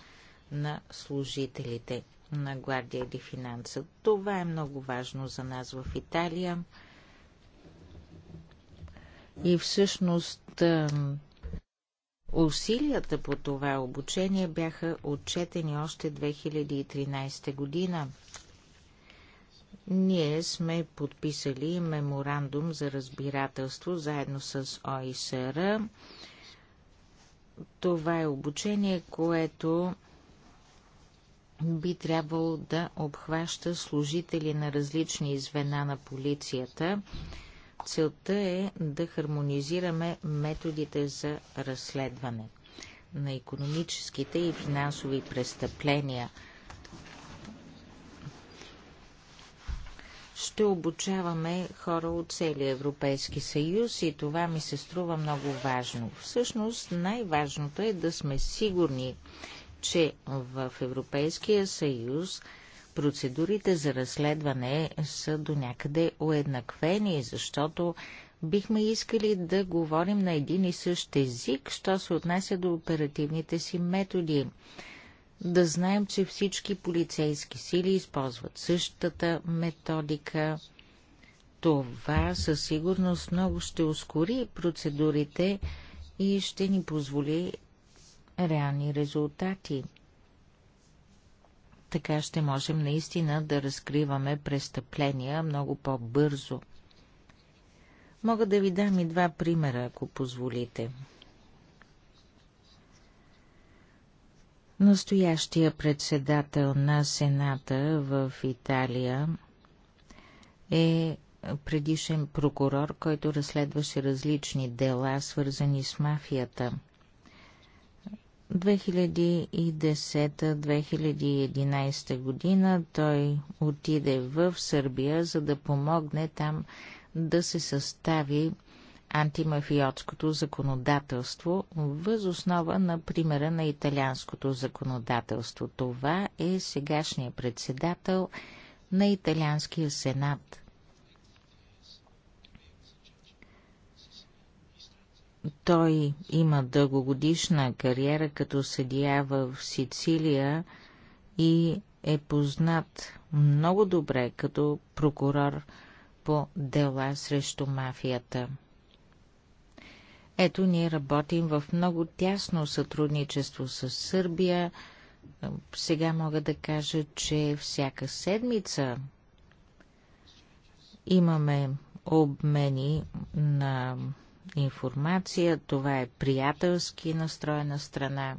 на служителите на Гвардия де Финанса. Това е много важно за нас в Италия. И всъщност усилията по това обучение бяха отчетени още 2013 година ние сме подписали меморандум за разбирателство заедно с ОИСР. Това е обучение, което би трябвало да обхваща служители на различни звена на полицията. Целта е да хармонизираме методите за разследване на економическите и финансови престъпления – ще обучаваме хора от целия Европейски съюз и това ми се струва много важно. Всъщност най-важното е да сме сигурни, че в Европейския съюз процедурите за разследване са до някъде уеднаквени, защото бихме искали да говорим на един и същ език, що се отнася до оперативните си методи да знаем, че всички полицейски сили използват същата методика. Това със сигурност много ще ускори процедурите и ще ни позволи реални резултати. Така ще можем наистина да разкриваме престъпления много по-бързо. Мога да ви дам и два примера, ако позволите. Настоящия председател на Сената в Италия е предишен прокурор, който разследваше различни дела, свързани с мафията. 2010-2011 година той отиде в Сърбия, за да помогне там да се състави антимафиотското законодателство въз основа на примера на италианското законодателство. Това е сегашния председател на Италианския сенат. Той има дългогодишна кариера като съдия в Сицилия и е познат много добре като прокурор по дела срещу мафията. Ето, ние работим в много тясно сътрудничество с Сърбия. Сега мога да кажа, че всяка седмица имаме обмени на информация. Това е приятелски настроена страна.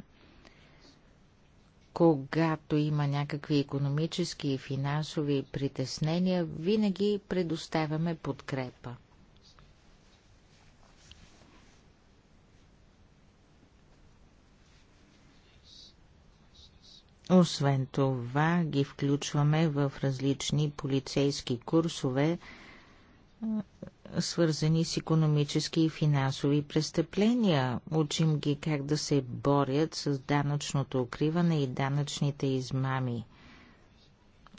Когато има някакви економически и финансови притеснения, винаги предоставяме подкрепа. Освен това ги включваме в различни полицейски курсове, свързани с економически и финансови престъпления. Учим ги как да се борят с данъчното укриване и данъчните измами,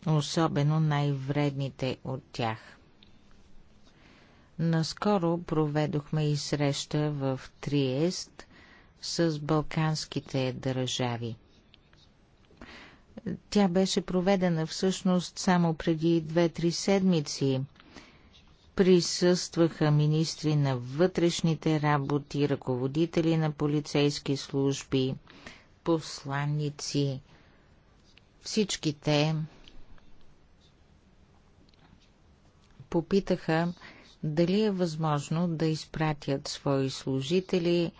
особено най-вредните от тях. Наскоро проведохме и среща в Триест с балканските държави. Тя беше проведена всъщност само преди 2-3 седмици. Присъстваха министри на вътрешните работи, ръководители на полицейски служби, посланници. Всички те попитаха дали е възможно да изпратят свои служители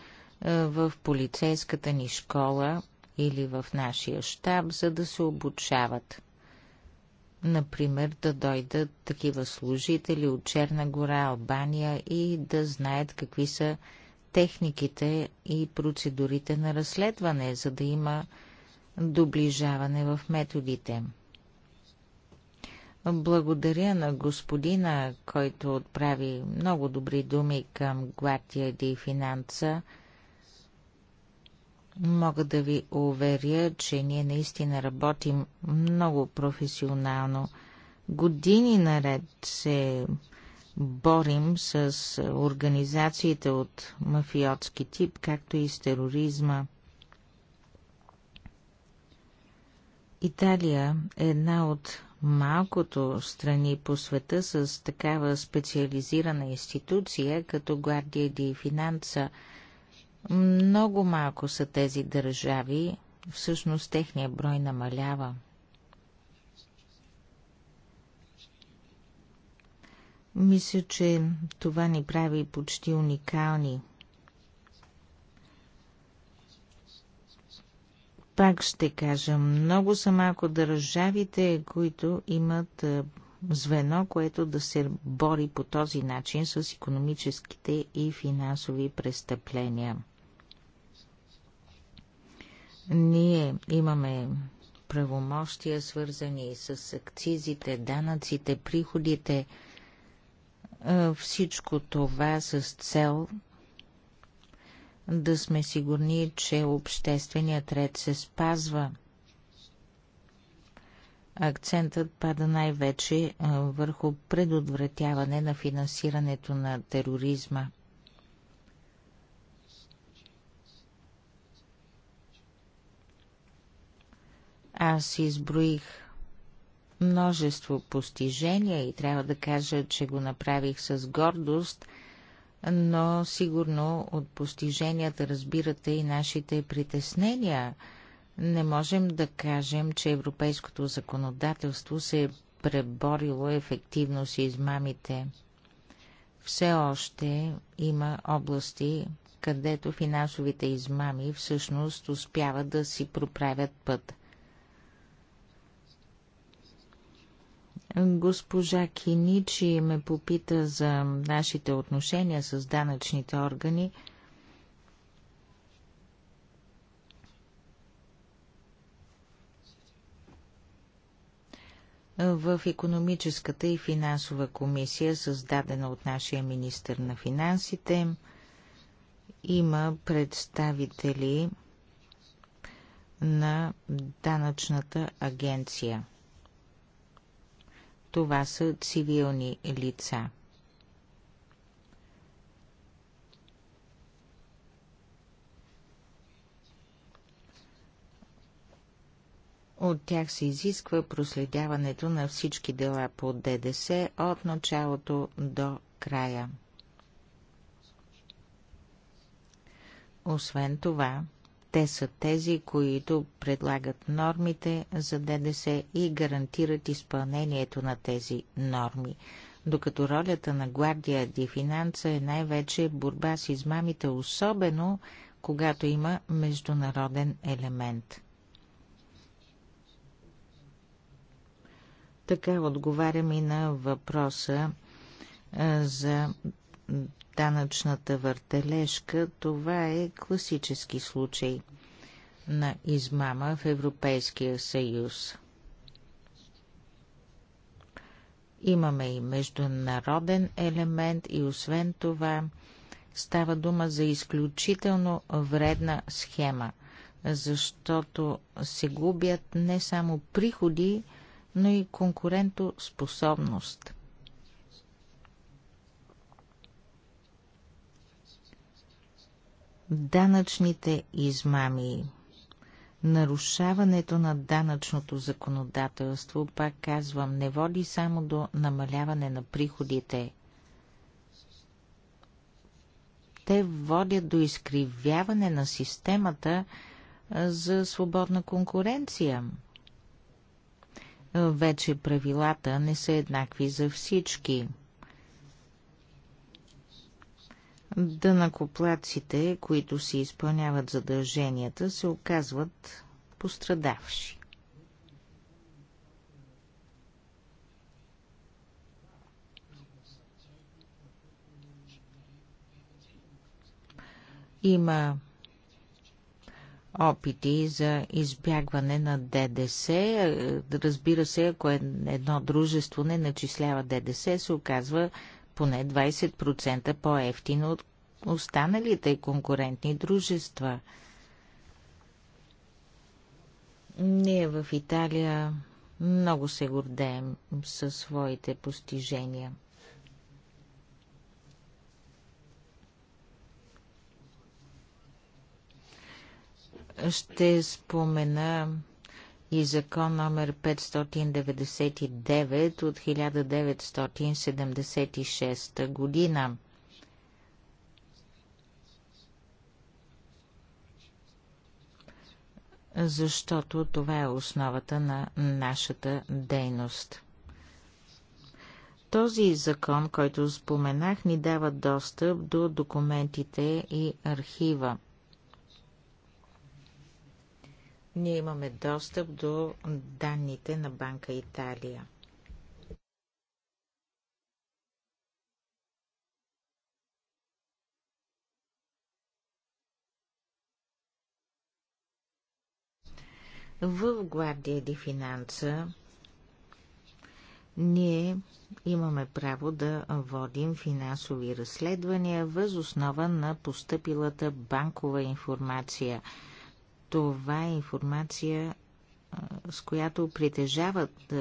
в полицейската ни школа или в нашия щаб, за да се обучават. Например, да дойдат такива служители от Черна гора, Албания и да знаят какви са техниките и процедурите на разследване, за да има доближаване в методите. Благодаря на господина, който отправи много добри думи към Гвардия Ди Финанца – Мога да ви уверя, че ние наистина работим много професионално. Години наред се борим с организациите от мафиотски тип, както и с тероризма. Италия е една от малкото страни по света с такава специализирана институция, като Гвардия ди Финанса – много малко са тези държави, всъщност техния брой намалява. Мисля, че това ни прави почти уникални. Пак ще кажа, много са малко държавите, които имат звено, което да се бори по този начин с економическите и финансови престъпления. Ние имаме правомощия, свързани с акцизите, данъците, приходите. Всичко това с цел да сме сигурни, че общественият ред се спазва. Акцентът пада най-вече върху предотвратяване на финансирането на тероризма – Аз изброих множество постижения и трябва да кажа, че го направих с гордост, но сигурно от постиженията разбирате и нашите притеснения. Не можем да кажем, че европейското законодателство се е преборило ефективно с измамите. Все още има области, където финансовите измами всъщност успяват да си проправят път – Госпожа Киничи ме попита за нашите отношения с данъчните органи. в економическата и финансова комисия, създадена от нашия министр на финансите. Има представители на данъчната агенция това са цивилни лица. От тях се изисква проследяването на всички дела по ДДС от началото до края. Освен това, те са тези, които предлагат нормите за ДДС и гарантират изпълнението на тези норми. Докато ролята на Гвардия Ди Финанса е най-вече борба с измамите, особено когато има международен елемент. Така отговарям и на въпроса за данъчната въртележка, това е класически случай на измама в Европейския съюз. Имаме и международен елемент и освен това става дума за изключително вредна схема, защото се губят не само приходи, но и конкурентоспособност. Данъчните измами Нарушаването на данъчното законодателство, пак казвам, не води само до намаляване на приходите. Те водят до изкривяване на системата за свободна конкуренция. Вече правилата не са еднакви за всички. Дънакоплаците, които си изпълняват задълженията, се оказват пострадавши. Има опити за избягване на ДДС. Разбира се, ако едно дружество не начислява ДДС, се оказва поне 20% по-ефтино от останалите конкурентни дружества. Ние в Италия много се гордеем със своите постижения. Ще спомена и закон номер 599 от 1976 година. Защото това е основата на нашата дейност. Този закон, който споменах, ни дава достъп до документите и архива. ние имаме достъп до данните на Банка Италия. В Гвардия Ди Финанса ние имаме право да водим финансови разследвания въз основа на поступилата банкова информация – това е информация, с която притежават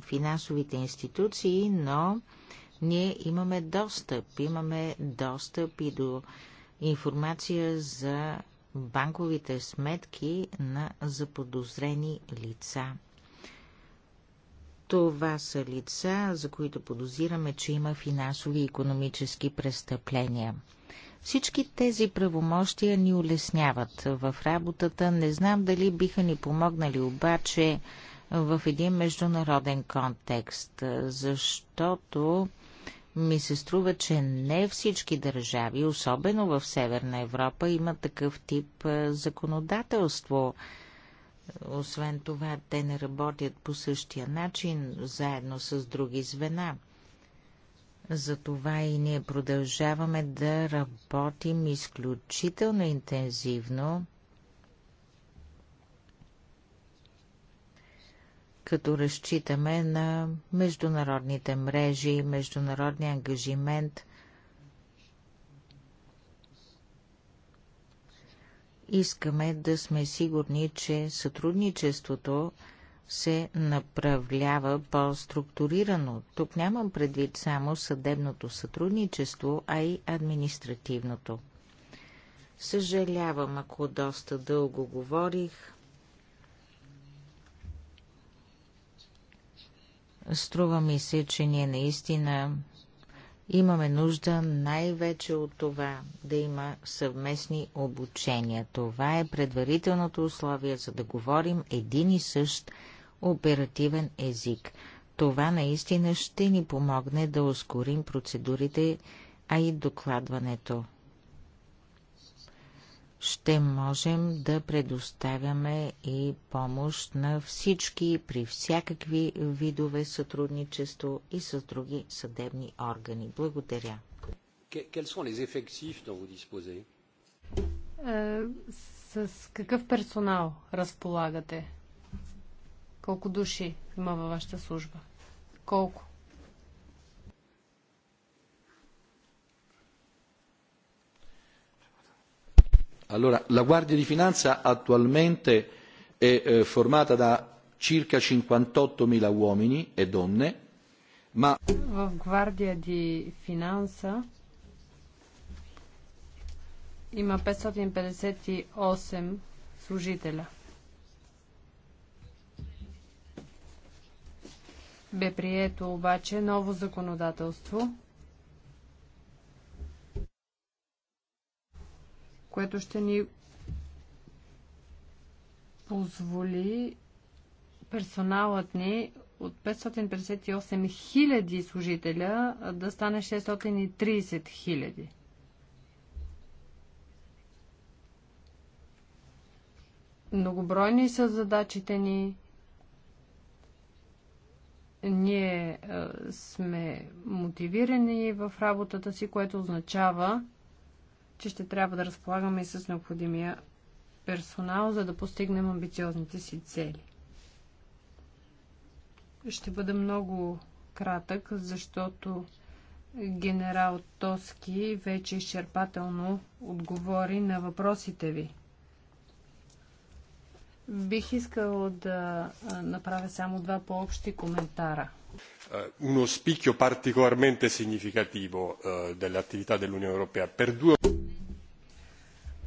финансовите институции, но ние имаме достъп. Имаме достъп и до информация за банковите сметки на заподозрени лица. Това са лица, за които подозираме, че има финансови и економически престъпления. Всички тези правомощия ни улесняват в работата. Не знам дали биха ни помогнали обаче в един международен контекст, защото ми се струва, че не всички държави, особено в Северна Европа, имат такъв тип законодателство. Освен това, те не работят по същия начин, заедно с други звена. Затова и ние продължаваме да работим изключително интензивно, като разчитаме на международните мрежи, международния ангажимент искаме да сме сигурни, че сътрудничеството се направлява по-структурирано. Тук нямам предвид само съдебното сътрудничество, а и административното. Съжалявам, ако доста дълго говорих. Струва ми се, че ние наистина имаме нужда най-вече от това да има съвместни обучения. Това е предварителното условие, за да говорим един и същ оперативен език. Това наистина ще ни помогне да ускорим процедурите, а и докладването. Ще можем да предоставяме и помощ на всички при всякакви видове сътрудничество и с други съдебни органи. Благодаря. Е, с какъв персонал разполагате? Колко души има във вашата служба? Колко? Allora, la Guardia di Finanza attualmente è eh, formata da circa 58.000 uomini e donne, ma... La Guardia di Finanza има 558 служителя. Бе прието обаче ново законодателство, което ще ни позволи персоналът ни от 558 хиляди служителя да стане 630 хиляди. Многобройни са задачите ни, ние е, сме мотивирани в работата си, което означава, че ще трябва да разполагаме и с необходимия персонал, за да постигнем амбициозните си цели. Ще бъда много кратък, защото генерал Тоски вече изчерпателно отговори на въпросите ви. Бих искал да направя само два по-общи коментара. Uno spicchio particolarmente significativo dell'attività dell'Unione Europea per due.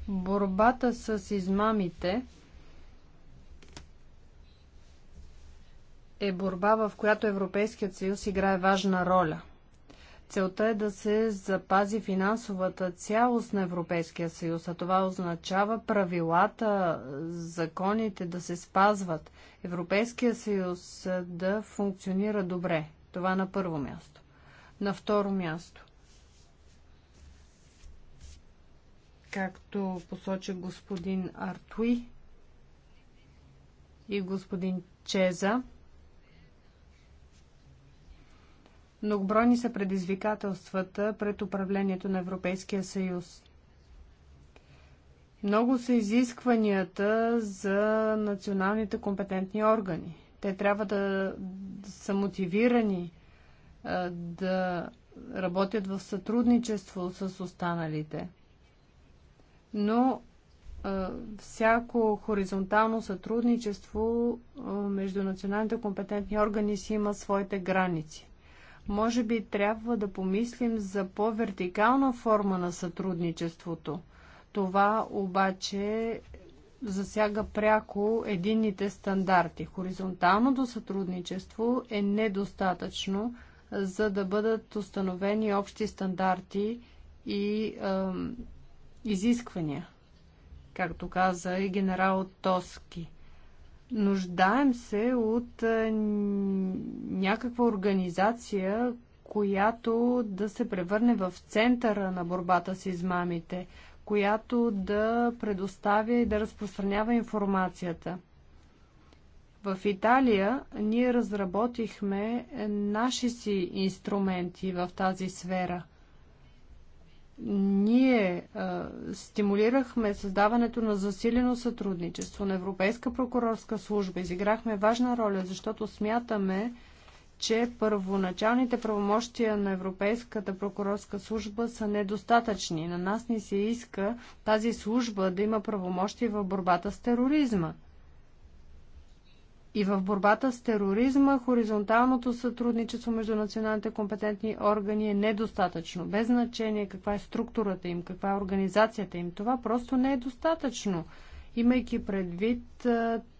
Борбата с измамите е борба, в която Европейският съюз играе важна роля – Целта е да се запази финансовата цялост на Европейския съюз, а това означава правилата, законите да се спазват, Европейския съюз да функционира добре. Това на първо място. На второ място. Както посочи господин Артуи и господин Чеза, Многобройни са предизвикателствата пред управлението на Европейския съюз. Много са изискванията за националните компетентни органи. Те трябва да са мотивирани да работят в сътрудничество с останалите. Но всяко хоризонтално сътрудничество между националните компетентни органи си има своите граници. Може би трябва да помислим за по-вертикална форма на сътрудничеството. Това обаче засяга пряко единните стандарти. Хоризонталното сътрудничество е недостатъчно, за да бъдат установени общи стандарти и е, изисквания, както каза и генерал Тоски. Нуждаем се от е, някаква организация, която да се превърне в центъра на борбата с измамите, която да предоставя и да разпространява информацията. В Италия ние разработихме наши си инструменти в тази сфера – ние а, стимулирахме създаването на засилено сътрудничество на Европейска прокурорска служба. Изиграхме важна роля, защото смятаме, че първоначалните правомощия на Европейската прокурорска служба са недостатъчни. На нас ни се иска тази служба да има правомощи в борбата с тероризма. И в борбата с тероризма хоризонталното сътрудничество между националните компетентни органи е недостатъчно. Без значение каква е структурата им, каква е организацията им, това просто не е достатъчно, имайки предвид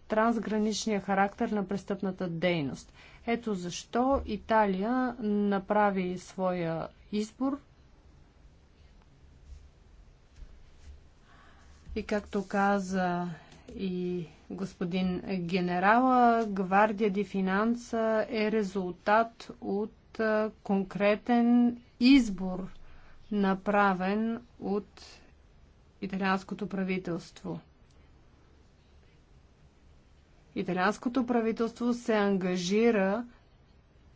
трансграничния характер на престъпната дейност. Ето защо Италия направи своя избор и както каза и господин генерала. Гвардия ди Финанса е резултат от конкретен избор, направен от италианското правителство. Италианското правителство се ангажира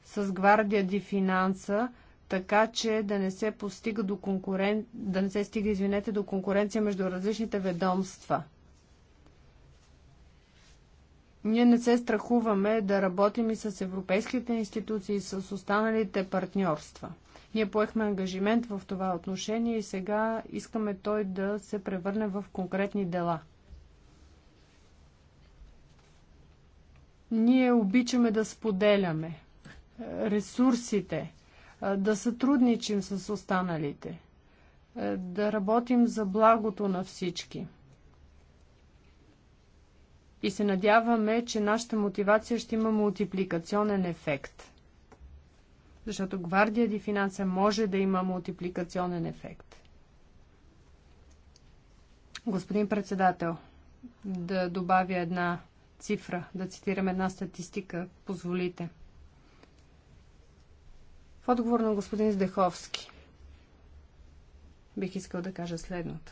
с Гвардия ди Финанса, така че да не се постига до конкурен... да не се стига, извинете, до конкуренция между различните ведомства – ние не се страхуваме да работим и с европейските институции, и с останалите партньорства. Ние поехме ангажимент в това отношение и сега искаме той да се превърне в конкретни дела. Ние обичаме да споделяме е, ресурсите, е, да сътрудничим с останалите, е, да работим за благото на всички – и се надяваме, че нашата мотивация ще има мултипликационен ефект. Защото гвардия ди финанса може да има мултипликационен ефект. Господин председател, да добавя една цифра, да цитирам една статистика, позволите. В отговор на господин Здеховски бих искал да кажа следното.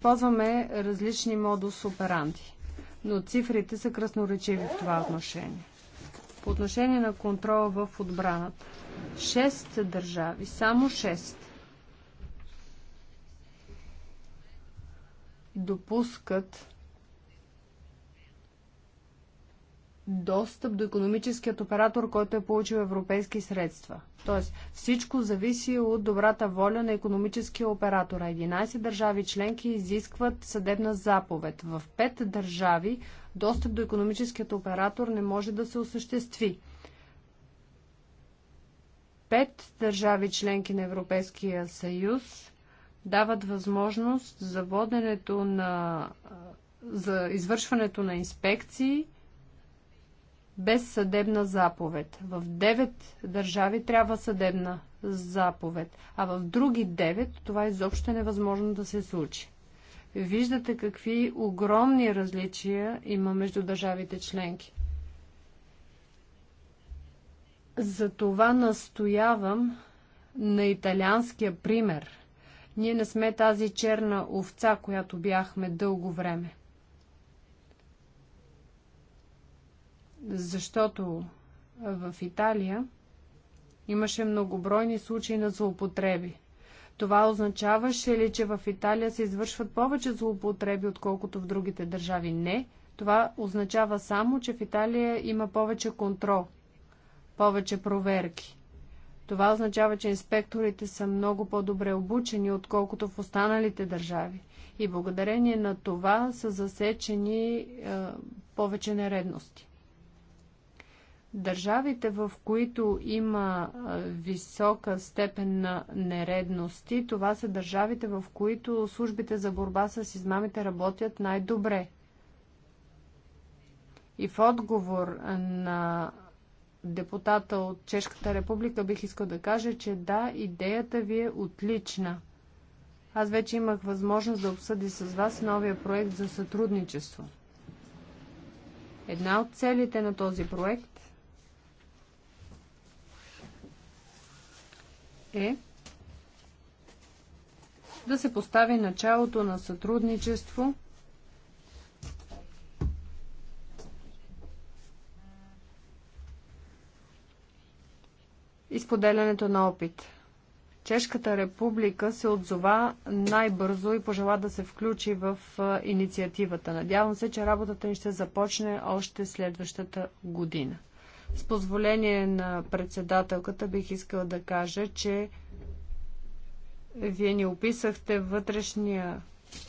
Ползваме различни модус операнти, но цифрите са красноречиви в това отношение. По отношение на контрола в отбраната. Шест държави, само шест, допускат достъп до економическият оператор, който е получил европейски средства. Тоест, всичко зависи от добрата воля на економическия оператор. 11 държави членки изискват съдебна заповед. В 5 държави достъп до економическият оператор не може да се осъществи. Пет държави членки на Европейския съюз дават възможност за воденето на за извършването на инспекции без съдебна заповед. В девет държави трябва съдебна заповед, а в други девет това изобщо е невъзможно да се случи. Виждате какви огромни различия има между държавите членки. Затова настоявам на италианския пример. Ние не сме тази черна овца, която бяхме дълго време. защото в Италия имаше многобройни случаи на злоупотреби. Това означаваше ли, че в Италия се извършват повече злоупотреби, отколкото в другите държави? Не. Това означава само, че в Италия има повече контрол, повече проверки. Това означава, че инспекторите са много по-добре обучени, отколкото в останалите държави. И благодарение на това са засечени е, повече нередности. Държавите, в които има висока степен на нередности, това са държавите, в които службите за борба с измамите работят най-добре. И в отговор на депутата от Чешката република бих искал да кажа, че да, идеята ви е отлична. Аз вече имах възможност да обсъди с вас новия проект за сътрудничество. Една от целите на този проект е да се постави началото на сътрудничество и споделянето на опит. Чешката република се отзова най-бързо и пожела да се включи в инициативата. Надявам се, че работата ни ще започне още следващата година. С позволение на председателката бих искала да кажа, че вие ни описахте вътрешния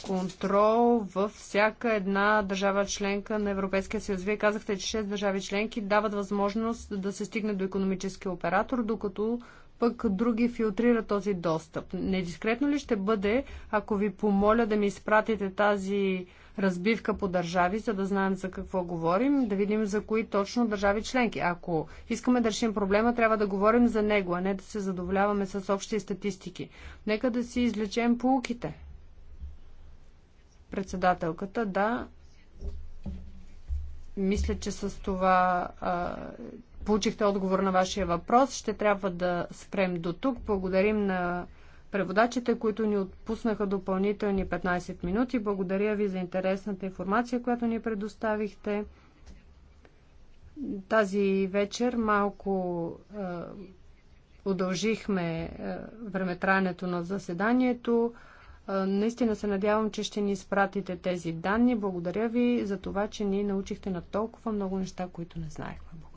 контрол във всяка една държава членка на Европейския съюз. Вие казахте, че 6 държави членки дават възможност да се стигне до економически оператор, докато пък други филтрират този достъп. Недискретно ли ще бъде, ако ви помоля да ми изпратите тази разбивка по държави, за да знаем за какво говорим, да видим за кои точно държави членки. Ако искаме да решим проблема, трябва да говорим за него, а не да се задоволяваме с общи статистики. Нека да си излечем полуките. Председателката, да. Мисля, че с това а, получихте отговор на вашия въпрос. Ще трябва да спрем до тук. Благодарим на преводачите, които ни отпуснаха допълнителни 15 минути. Благодаря ви за интересната информация, която ни предоставихте. Тази вечер малко е, удължихме е, времетраенето на заседанието. Е, наистина се надявам, че ще ни изпратите тези данни. Благодаря ви за това, че ни научихте на толкова много неща, които не знаехме.